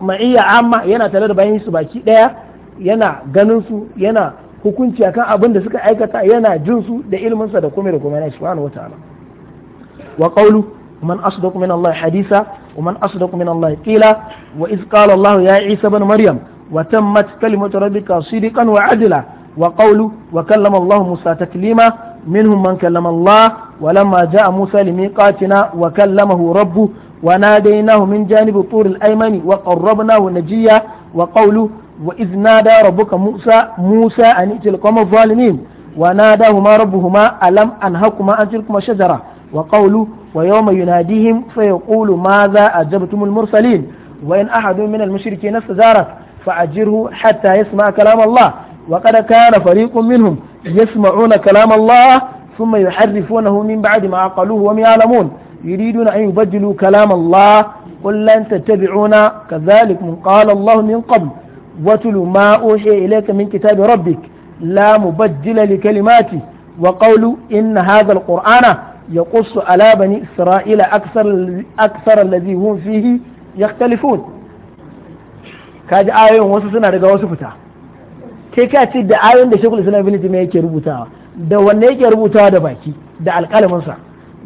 ma'iyya amma yana tare da bayan su baki daya yana ganin su yana hukunci akan abin da suka aikata yana jin su da ilminsa da kuma da kuma na subhanahu wataala wa qawlu man asdaqu min Allah hadisa wa man asdaqu min Allah qila wa iz qala Allah ya Isa ibn Maryam wa tammat kalimatu rabbika sidqan wa adla wa qawlu wa kallama Allah Musa taklima minhum man kallama wa ولما جاء موسى لميقاتنا وكلمه ربه وناديناه من جانب طور الأيمن وقربناه نجيا وقوله wa iznada rabbuka musa musa an itil qawma zalimin wa nadahuma rabbuhuma alam anhakuma an tilkuma shajara wa qawlu wa yawma yunadihim fa yaqulu madha ajabtumul mursalin wa in ahadun min al mushrikeena istajarak fa ajirhu hatta yasma kalam allah wa qad kana fariqun minhum yasma'una kalam allah ثم يحرفونه من بعد ما عقلوه وهم يعلمون يريدون أن يبدلوا كلام الله قل لن تتبعونا كذلك من قال الله من قبل watulu ma uhiya ilayka min kitabi rabbik la mu li kalimati wa qawlu inna hadha ya yaqussu ala bani isra'ila akthar akthar alladhi hum fihi yakhtalifun kaji ayoyin wasu suna daga wasu fita kai ka ce da ayoyin da shekul islam ibn taymiya yake rubutawa da wanne yake rubutawa da baki da alƙalamin sa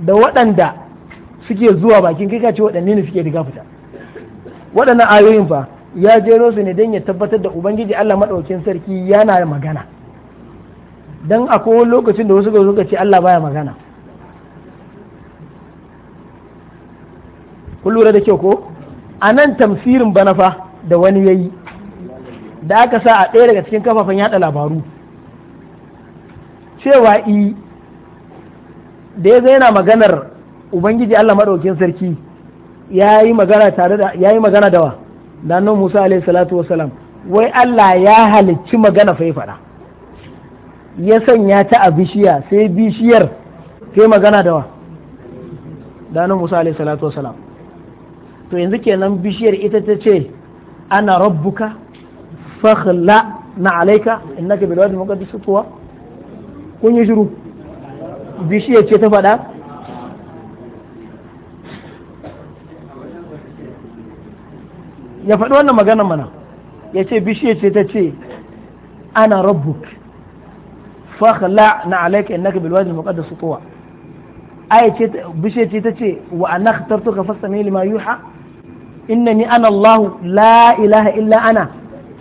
da waɗanda suke zuwa bakin kai ka ce waɗanne ne suke riga fita waɗannan ayoyin fa ya jero su ne don ya tabbatar da ubangiji Allah maɗaukin sarki yana magana don akwai lokacin da wasu suka ce Allah baya magana ku lura da kyau ko a nan tamsirin fa da wani yayi da aka sa a ɗaya daga cikin kafafen yada labaru cewa i da ya yana maganar ubangiji Allah maɗaukin sarki ya yi magana da wa da musa alaihi salatu wasalam wai allah ya halicci magana fai faɗa ya sanya ta a bishiya sai bishiyar sai magana da wa da musa alaihi salatu wasalam to yanzu kenan bishiyar ita ta ce ana rabbuka fakhla na alaika innaka bil wadi muqaddas tuwa kun yi shiru bishiyar ce ta faɗa ya faɗi wannan magana mana ya ce bishiyar ce ta ce ana rabbuk fakhla na alayka innaka bil wadi muqaddas tuwa aya ce bishiyar ce ta ce wa anna khtartuka fastami lima yuha innani ana allah la ilaha illa ana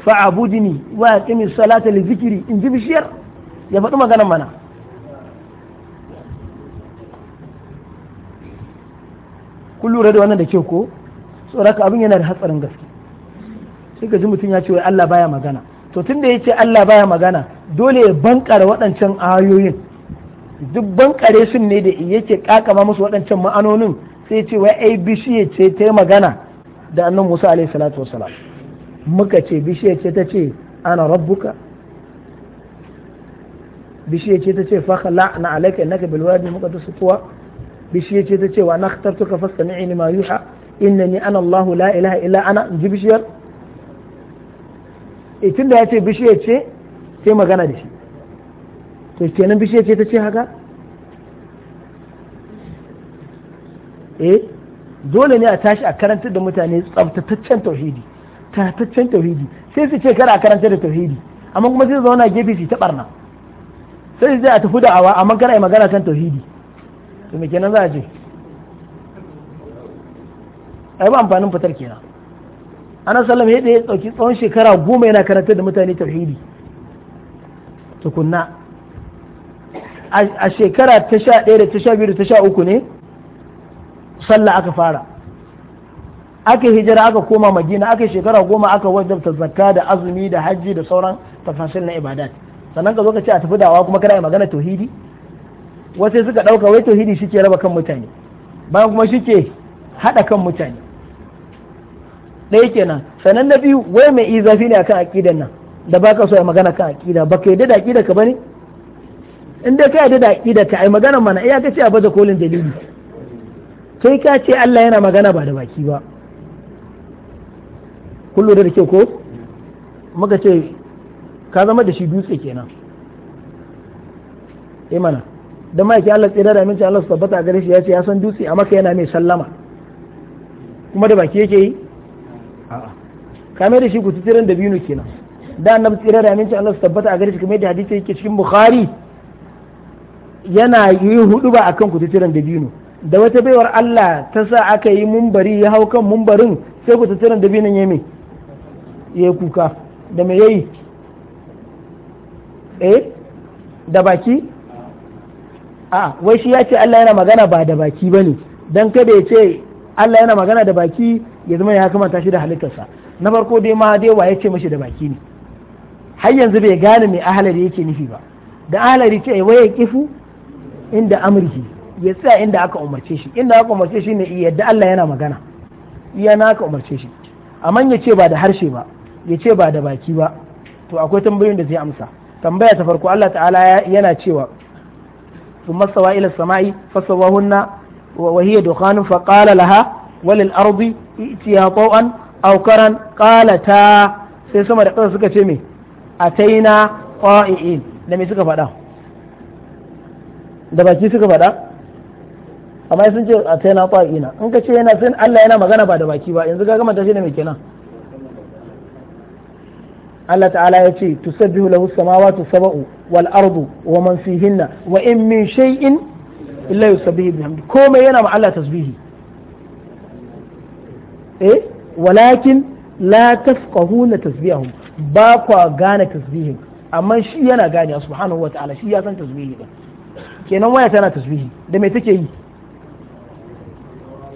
fa'budni wa aqimi salata li dhikri in ji bishiyar ya faɗi magana mana kun lura da wannan da kyau ko tsoraka abin yana da hatsarin gaske sai ka ji mutum ya ce wai Allah baya magana to da ya ce Allah baya magana dole ya bankare waɗancan ayoyin duk bankare sun ne da yake kakama musu waɗancan ma'anonin sai ce wai ai bishiya ce ta magana da annan Musa alaihi salatu wasalam muka ce bishiya ce ta ce ana rabbuka bishiya ce ta ce fa na alaika innaka bil wadi muqaddasuwa bishiya ce ta ce wa nakhtartuka fastami'i ma yuha innani ana Allah la ilaha illa ana ji bishiyar Eh, tun da ya ce bishiyar ce sai magana da shi to kenan bishiyar ce ta ce haka eh dole ne a tashi a karantar da mutane tsaftataccen tauhidi tataccen tauhidi sai su ce kar a karantar da tauhidi amma kuma sai zauna gefe su ta barna sai su je a tafi da'awa amma kar a yi magana kan tauhidi to me kenan za a je ai ba amfanin fitar kenan ana sallama ya ya ɗauki tsawon shekara goma yana karanta da mutane tauhidi tukunna a shekara ta sha ɗaya da ta sha biyu da ta sha uku ne sallah aka fara aka hijira aka koma magina aka shekara goma aka wajabta zakka da azumi da hajji da sauran tafasil na ibadat sannan ka zo ka ce a tafi dawa kuma kana yi magana tauhidi wasu suka ɗauka wai tauhidi shi ke raba kan mutane bayan kuma shi ke haɗa kan mutane ɗaya kenan sannan na biyu wai mai zafi ne akan aƙida nan da ba ka so ya magana kan ba ka yi da aƙida ka bane in dai ka yi da aƙida ka ai magana mana iya ka ce a baje kolin dalili kai ka ce Allah yana magana ba da baki ba kullu da ke ko muka ce ka zama da shi dutse kenan eh mana da ma'aikin Allah tsira da aminci Allah su tabbata gare shi ya ce ya san dutse a maka yana mai sallama kuma da baki yake yi kamar da shi ku tsirin da binu kenan da na tsirin da aminci Allah su tabbata a gare shi kamar da hadisi yake cikin bukhari yana yi hudu ba akan ku tsirin da binu da wata baiwar Allah ta sa aka yi mumbari ya hau kan mumbarin sai ku tsirin da binun ya me ya kuka da me yayi eh da baki a wai shi ya ce Allah yana magana ba da baki bane dan kada ya ce Allah yana magana da baki ya zama ya kamanta shi da halittarsa na farko dai ma dai ya ce mashi da baki ne har yanzu bai gane me ahalari yake nufi ba da ahalari ce waye kifu inda amurki ya tsaya inda aka umarce shi inda aka umarce shi ne yadda Allah yana magana iya na aka umarce shi amma ya ce ba da harshe ba ya ce ba da baki ba to akwai tambayoyin da zai amsa tambaya ta farko Allah ta'ala yana cewa ثم استوى إلى السماء فسواهن وهي دخان فقال لها وللأرض ائتيها طوعا أو كرا قالتا sai sama da ƙasa suka ce me a taina ƙwa'i'in da baki suka faɗa amma sun ce a taina ƙwa'ina in ka ce yana sun Allah yana magana ba da baki ba yanzu ka gama tashi da me kenan Allah ta'ala ya ce tusabbihu lahu wal ardu wa man fihinna wa in illa yusabbihu bihamdi komai yana ma Allah tasbihi eh walakin la tafqahuna tasbihahum ba kwa gane tasbihin amma shi yana gane subhanahu wataala shi ya san tasbihi din kenan waya tana tasbihi da me take yi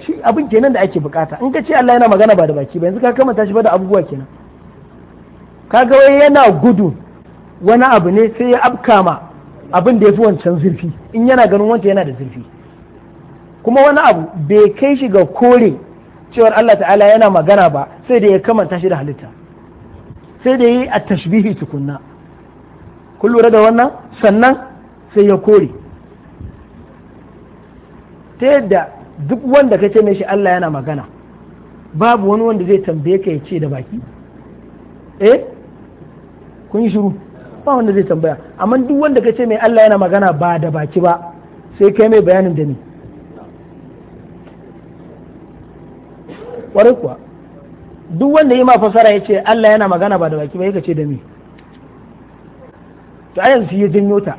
shi abin kenan da ake bukata in ka ce Allah yana magana ba da baki ba yanzu ka kamata shi ba da abubuwa kenan kaga wai yana gudu wani abu ne sai ya afkama abin da ya fi wancan zurfi in yana ganin wancan yana da zurfi kuma wani abu bai kai shi ga kore cewar Allah ta'ala yana magana ba sai da ya kamanta shi da halitta sai da ya yi a tashbihi tukunna kun lura da wannan sannan sai ya kore ta yadda duk wanda ka ce mai shi Allah yana magana babu wani wanda zai tambaye ka ya ce da baki eh kun yi shiru ba wanda zai tambaya amma duk wanda kace mai Allah yana magana ba da baki ba sai kai mai bayanin da ni kwarai kuwa duk wanda yi ma fasara ya ce Allah yana magana ba da baki ba ya ce da ni to ayan su ya janyo ta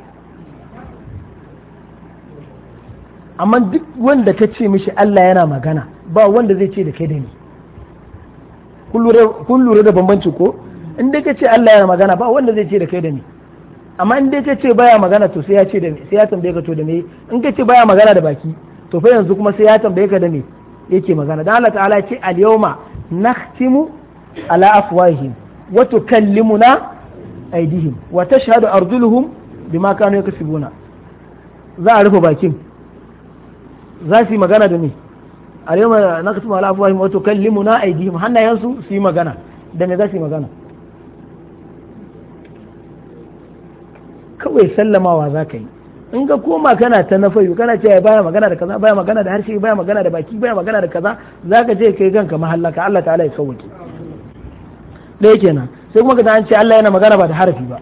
amma duk wanda ka ce mishi Allah yana magana ba wanda zai ce da kai da ni kun lura da bambanci ko in dai ka ce Allah yana magana ba wanda zai ce da kai da ni amma in dai ka ce baya magana to sai ya ce da ni sai ya tambaye ka to da me in ka ce baya magana da baki to fa yanzu kuma sai ya tambaye ka da me yake magana dan Allah ta'ala ce al yawma nakhtimu ala afwahihim wa tukallimuna aydihim wa tashhadu arjuluhum bima kanu yakasibuna za a rufe bakin za su yi magana da ni me al na nakhtimu ala afwahihim wa na aydihim hannayensu su yi magana da me za su yi magana kawai sallamawa za ka yi in ka koma kana ta nafayu kana cewa baya magana da kaza baya magana da harshe baya magana da baki baya magana da kaza za ka je kai ganka mahallaka Allah ta'ala ya sauke ɗaya kenan sai kuma ka an ce Allah yana magana ba da harafi ba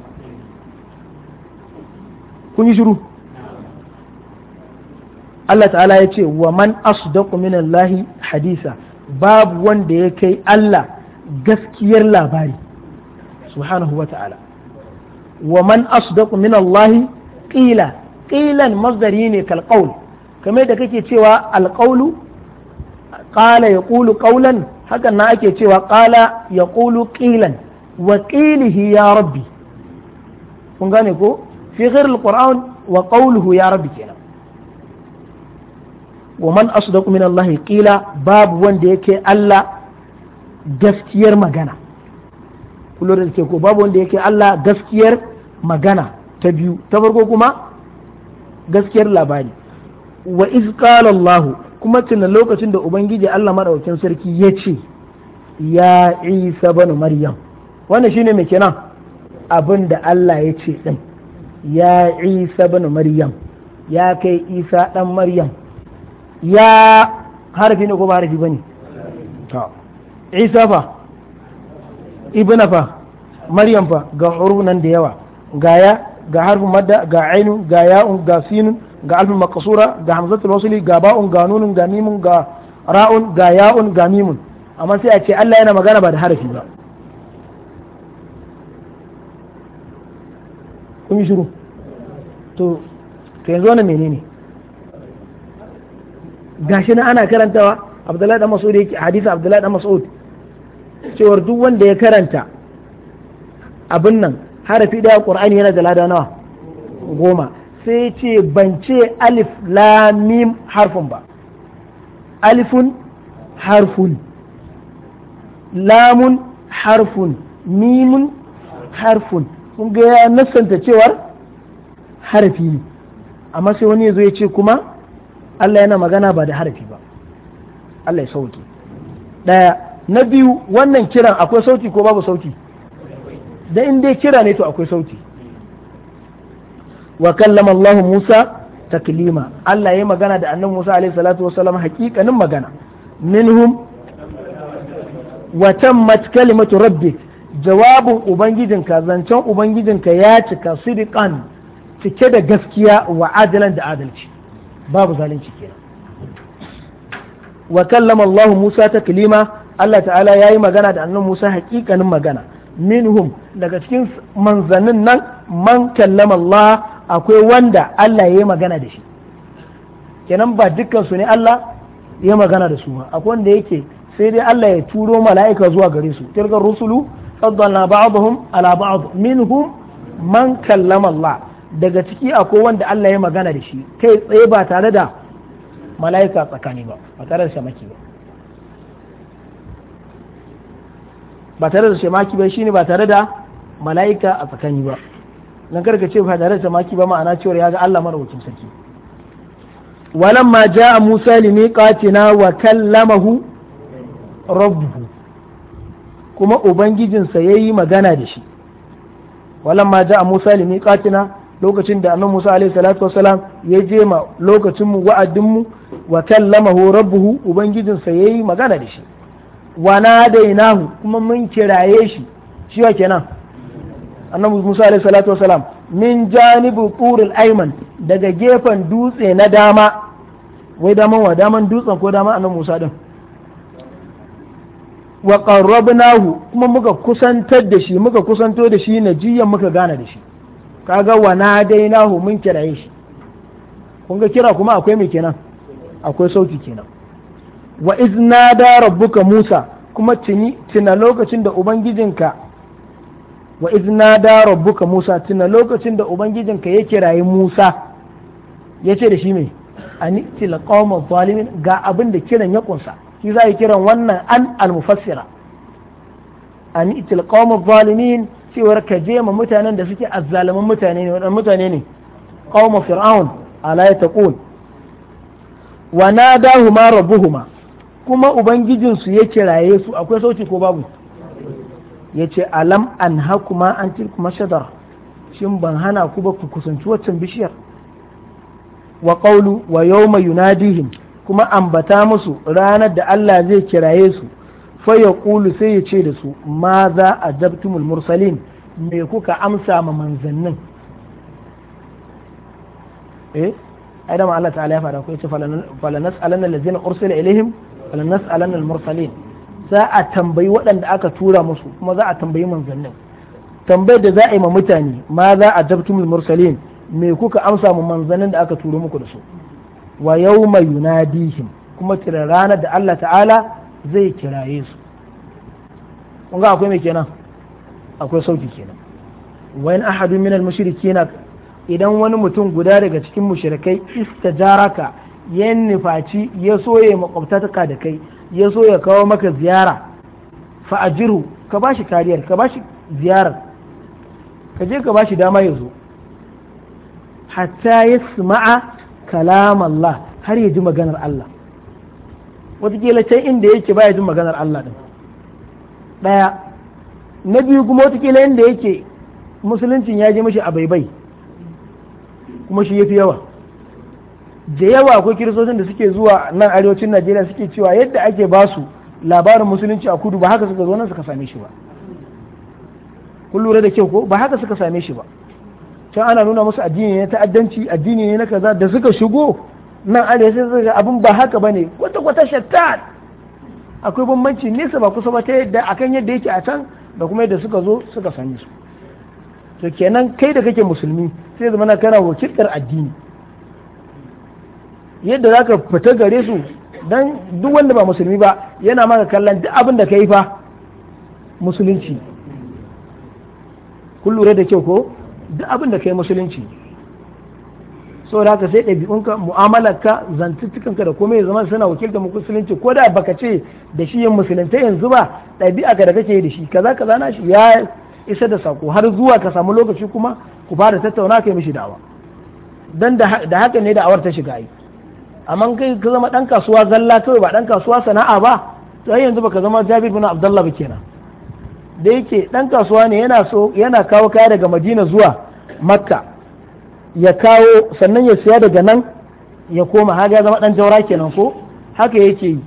kun yi shiru Allah ta'ala ya ce wa man asdaqu minallahi hadisa babu wanda ya kai Allah gaskiyar labari subhanahu wa ta'ala wa man asdaqu min Allah qila qilan masdari ne kal qaul kamar da kake cewa al qawlu qala yaqulu qawlan hakan na ake cewa qala yaqulu qilan wa qilihi ya rabbi kun gane ko fi ghair al qur'an ya rabbi kenan wa man asdaqu min Allah qila babu wanda yake Allah gaskiyar magana kullum da ke ko babu wanda yake Allah gaskiyar magana ta biyu ta farko kuma gaskiyar labari wa Allah kuma tuna lokacin da ubangiji Allah madaukakin sarki ya ce ya isa banu maryam wannan shine mai kenan abin da Allah ya ce din ya isa banu maryam ya kai isa dan maryam ya harafi ne ko ba harafi bane isa fa ibna fa maryam fa ga nan da yawa ga ya ga harfin madda ga ainun ga ya'un ga sinun ga alfin makasura ga hamzatul wasli ga ba'un ga nunun ga mimun ga ra'un ga ya'un ga mimun amma sai a ce Allah yana magana ba da harafi ba kun yi shiru to to yanzu wannan menene gashi na ana karantawa Abdullahi dan Mas'ud yake hadisi Abdullahi dan Mas'ud cewar duk wanda ya karanta abin nan harafi ɗaya qur'ani yana da lada nawa goma sai ce ban ce alif lamim mim harfun ba alifun harfun lamun harfun mimun harfun kun ga ya nasanta cewar harafi ne amma sai wani ya zo ya ce kuma Allah yana magana ba da harafi ba Allah ya sauke ɗaya na biyu wannan kiran akwai sauti ko babu sauti da in dai kira ne to akwai sauti wa kallama Allah Musa taklima Allah ya magana da annabi Musa alaihi salatu wasallam hakikanin magana minhum wa tammat kalimatu rabbik jawabin ubangijinka zancen ubangijinka ya cika sidiqan cike da gaskiya wa adalan da adalci babu zalunci kenan wa kallama Allah Musa taklima Allah ta'ala yayi magana da annabi Musa hakikanin magana minhum daga cikin manzanin nan man kallama Allah akwai wanda Allah ya yi magana da shi kenan ba dukkan ne Allah ya magana da su ba akwai wanda yake sai dai Allah ya turo mala'ika zuwa gare su tilka rusulu faddalna ba'dhum ala ba'd minhum man kallama Allah daga ciki akwai wanda Allah ya magana da shi kai tsaye ba tare da mala'ika tsakani ba ba tare da shamaki ba ba tare da shemaki ba shine ba tare da mala'ika a tsakani ba nan karka ce ba tare da shemaki ba ma'ana cewa ya ga Allah madaukakin sarki ma ja'a Musa Katina wa kallamahu rabbuhu kuma ubangijinsa yayi magana da shi ma ja'a Musa Katina lokacin da annabi Musa alaihi salatu wassalam ya je ma lokacin mu wa'adin mu wa kallamahu rabbuhu ubangijinsa yayi magana da shi wa nahu kuma mun kiraye shi shi wa kenan annabi Musa alaihi salatu wasalam min janibu turul ayman daga gefen dutse na dama wai daman wa daman dutsen ko dama annabi Musa din wa qarrabnahu kuma muka kusantar da shi muka kusanto da shi na jiyan muka gana da shi kaga wa nahu mun kiraye shi kun ga kira kuma akwai mai kenan akwai sauti kenan wa izna da rabbuka musa kuma tuna lokacin da ubangijinka wa izna da rabbuka musa tuna lokacin da ubangijinka ya kirayi musa ya ce da shi mai ani tila qauman zalimin ga abin da kiran ya kunsa shi za yi kiran wannan an almufassira an tila qauman zalimin cewar ka je ma mutanen da suke azzalaman mutane ne wadannan mutane ne qauma fir'aun ala yataqun wa nadahuma rabbuhuma kuma ubangijinsu ya kiraye su akwai sauki ko babu ya ce alam an ma an kuma shadar shin ban hana ku ba ku kusanci waccan bishiyar wa qawlu wa yawma yunadihim kuma ambata musu ranar da Allah zai kiraye su fa yaqulu sai ya ce da su ma za ajabtumul mursalin me kuka amsa ma manzannin eh adam Allah ta'ala ya fara ko ya ce falanas alanna lazina ursila ilaihim wala nas'alanna al-mursalin za a tambayi waɗanda aka tura musu kuma za a tambayi manzannin tambayar da za a yi ma mutane ma za a jabtumul mursalin me kuka amsa mu manzannin da aka turo muku da su wa yawma yunadihim kuma kira ranar da Allah ta'ala zai kiraye su kun akwai me kenan akwai sauki kenan wa in ahadun minal mushrikeena idan wani mutum guda daga cikin mushrikai istajaraka ya nufaci ya so ya makwabtaka da kai ya so ya kawo maka ziyara fa'ajiru ka ba shi kariyar ka ba shi ziyarar ka je ka ba shi dama ya zo hatta ya sama'a kalam Allah har ya ji maganar Allah wataƙila can inda yake ba ya ji maganar Allah din ɗaya na biyu kuma wataƙila inda yake musuluncin ya je mashi a baibai kuma shi ya fi yawa da yawa akwai kiristocin da suke zuwa nan arewacin najeriya suke cewa yadda ake ba su labarin musulunci a kudu ba haka suka zo nan suka same shi ba kun da kyau ko ba haka suka same shi ba can ana nuna musu addini ne ta'addanci addini ne na kaza da suka shigo nan arewa sai suka abin ba haka bane kwata kwata shattat akwai bambanci nesa ba kusa ba ta yadda akan yadda yake a can da kuma yadda suka zo suka same su to kenan kai da kake musulmi sai zama kana wakiltar addini yadda za ka fita gare su don duk wanda ba musulmi ba yana maka kallon duk abin da ka yi fa musulunci kun lura da kyau ko duk abin da ka yi musulunci da haka sai ɗabi'unka mu'amalarka zantuttukanka da komai zama suna wakiltar musulunci ko da baka ce da shi yin musulunta yanzu ba ɗabi'a ka da kake yi da shi kaza kaza na shi ya isa da sako har zuwa ka samu lokaci kuma ku fara tattauna kai mishi da'awa dan da haka ne da awar ta shiga yi amma kai ka zama dan kasuwa zalla kawai ba dan kasuwa sana'a ba to ai yanzu baka zama Jabir bin Abdullah ba kenan da yake dan kasuwa ne yana so yana kawo kaya daga Madina zuwa Makka ya kawo sannan ya siya daga nan ya koma haga ya zama dan jaura kenan ko haka yake yi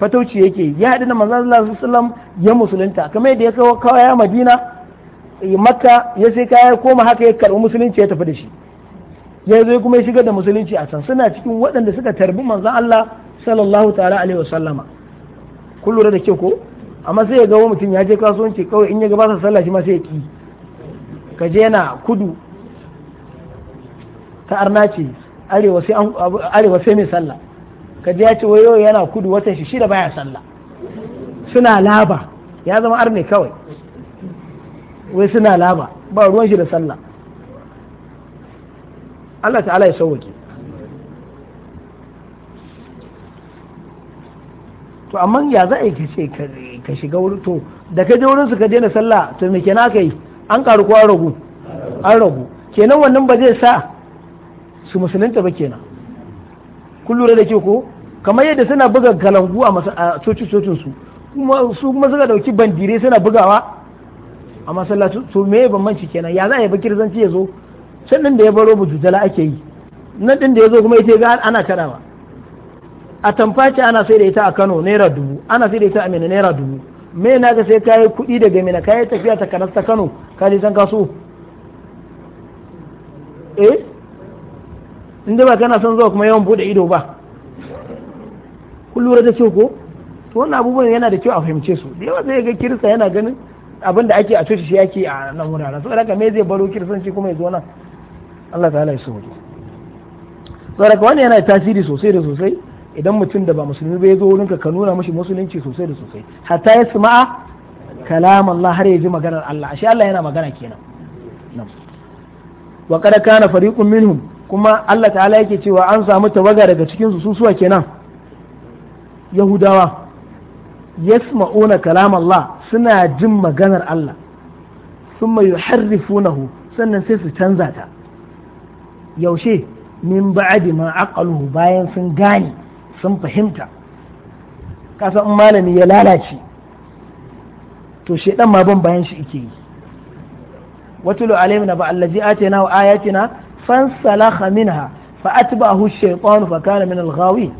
fatauci yake ya haɗu da manzon Allah sallallahu alaihi ya musulunta kamar yadda ya kawo kaya Madina Makka ya sai kaya ya koma haka ya karɓi musulunci ya tafi da shi ya zo kuma ya shigar da musulunci a can suna cikin waɗanda suka tarbi manzon Allah sallallahu ta'ala alaihi wasallama kun lura da ke ko amma sai ya ga mutum ya je kasuwanci kawai in ya ga ba sa sallah shi ma sai ya ki ka je yana kudu ta arna ce arewa sai mai sallah ka je ya ce wayo yana kudu watan shi shida baya sallah suna laba ya zama arne kawai wai suna laba ba ruwan shi da sallah Allah ta'ala ya sauwake to amma ya za a yi ce ka shiga wurin to da ka je wurin su ka daina sallah to me kenan kai an karu ko an ragu an ragu kenan wannan ba zai sa su musulunta ba kenan kun lura da ke ko kamar yadda suna buga galangu a cocin su kuma su kuma suka dauki bandire suna bugawa a masallaci to me ban manci kenan ya za a yi bakir zanci ya zo can din da ya baro bujujala ake yi nan din da ya zo kuma ita ga ana karawa a tamfaci ana sai da ita a Kano naira dubu ana sai da ita a Mina naira dubu me na ga sai kayi kuɗi daga Mina kayi tafiya ta kanasta ta Kano ka je san kaso eh inda ba kana son zuwa kuma yawan bude ido ba kun lura da ko to wannan abubuwan yana da kyau a fahimce su da yawa zai ga kirista yana ganin abin da ake a coci shi ake a nan wuraren saboda ka me zai baro kirsanci kuma ya zo nan Allah ta'ala ya sauke saboda wani yana tasiri sosai da sosai idan mutum da ba musulmi ba ya zo wurinka ka nuna mashi musulunci sosai da sosai hatta ya sama'a kalam Allah har ya ji maganar Allah ashe Allah yana magana kenan wa kada kana fariqun minhum kuma Allah ta'ala yake cewa an samu tawaga daga cikin su suwa kenan yahudawa yasma'una kalam Allah suna jin maganar Allah thumma yuharrifunahu sannan sai su canza ta yaushe min ba'adi ma aqaluhu bayan sun gane sun fahimta kasa in malami ya lalace to shedan ma ban bayan shi yake yi watulu alaina ba allazi atina wa ayatina fansalakha minha fa atba'ahu ash-shaytanu fa kana min al-ghawin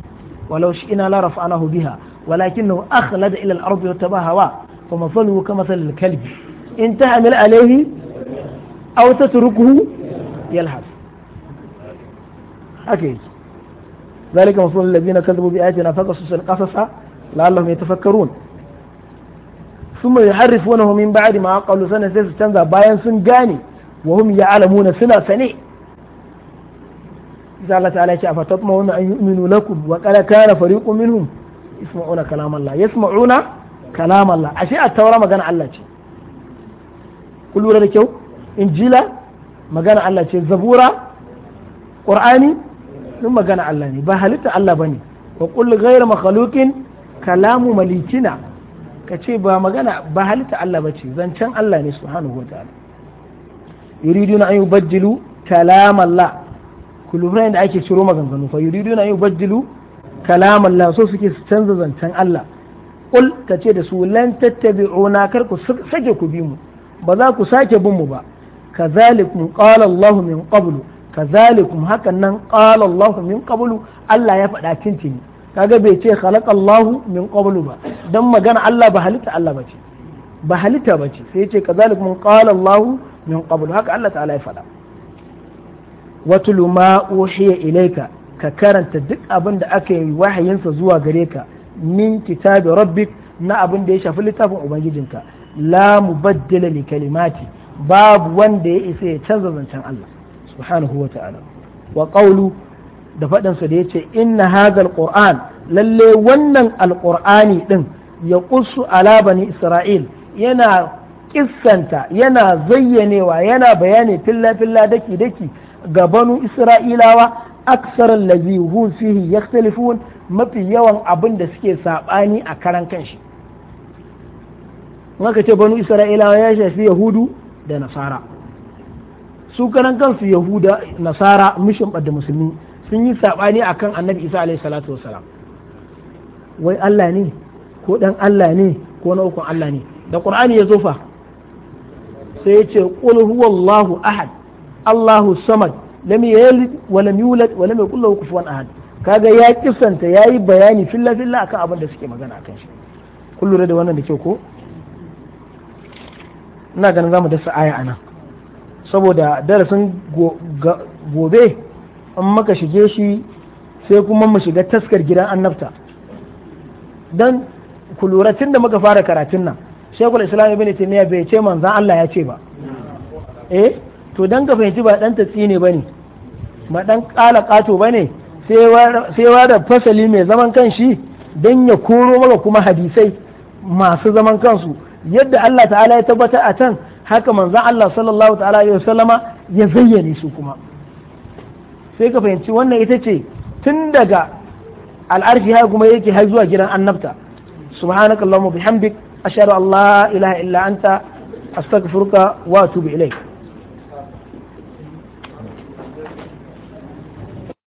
walau shi'na la rafa'nahu biha walakinahu akhlada ila al-ardi wa tabahawa fa mathaluhu kamathal al-kalbi in tahmil alayhi aw tatrukuhu yalhas أكيد ذلك zalika الذين كذبوا بآياتنا فقصص القصص لعلهم يتفكرون ثم يحرفونه من بعد ما قالوا سنة سيس تنزع باين سنجاني وهم يعلمون سنة سنة إذا الله تعالى شاء فتطمعون أن يؤمنوا لكم وقال كان فريق منهم يسمعون كلام الله يسمعون كلام الله أشياء التوراة ما كان الله شيء كل ورد كيو إنجيلا ما كان الله شيء زبورة قرآني duk magana Allah ne ba halitta Allah bane wa qul ghayra makhluqin kalamu malikina ka ce ba magana ba halitta Allah bace zancen Allah ne subhanahu wa ta'ala yuriduna an yubaddilu kalam Allah kullu da ake ciro maganganu fa yuriduna an yubaddilu kalam Allah so suke su canza zancen Allah qul ka ce da su lan tattabi'una kar ku sake ku bi mu ba za ku sake bin mu ba kazalik qala Allah min qablu kazalikum hakan nan qala Allah min qablu Allah ya faɗa cincin kaga bai ce khalaqallahu min qablu ba dan magana Allah ba halitta Allah bace ba halitta bace sai ce kazalikum qala Allah min qablu haka Allah ta'ala ya faɗa watulu ma uhiya ilayka ka karanta duk abin da aka yi wahayinsa zuwa gare ka min kitabi rabbik na abin da ya shafi littafin ubangijinka la mubaddila li kalimati babu wanda ya isa ya canza zancen Allah subhanahu wa ta'ala da faɗansa da yace inna hadha alquran lalle wannan alqur'ani din ya qussu ala isra'il yana kissanta yana zayyanewa yana bayani filla filla daki daki ga banu isra'ilawa aksar allazi hum fihi yakhtalifun mafi yawan abin da suke saɓani a karan kanshi maka ce banu isra'ilawa ya shafi yahudu da nasara su karan kansu yahuda nasara mishin da musulmi sun yi saɓani akan annabi isa alaihi salatu wasalam wai allah ne ko dan allah ne ko na ukun allah ne da qur'ani ya zofa sai ya ce qul huwallahu ahad allahu samad lam yalid wa lam yulad wa lam yakul lahu kufuwan ahad kaga ya kisanta yayi bayani filla filla akan abin da suke magana akan shi kullu da wannan da kyau ko ina ganin zamu dasa aya anan saboda darasin gobe an maka shige shi sai kuma mu shiga taskar gidan annabta don kuluratin da muka fara karatun nan shekul islam ibn taymiya bai ce manzan Allah ya ce ba eh to dan ka fahimci ba dan tatsi ne bane ma dan kala kato bane sai wa da fasali mai zaman kan shi dan ya koro maka kuma hadisai masu zaman kansu yadda Allah ta'ala ya tabbata a can haka manzan Allah sallallahu ta'ala alaihi wasallama ya zayyane su kuma sai ka fahimci wannan ita ce tun daga al'arfi har kuma yake har zuwa gidan annabta subhanakallahumma bihamdik ashhadu allah la ilaha illa anta astaghfiruka wa atubu ilaik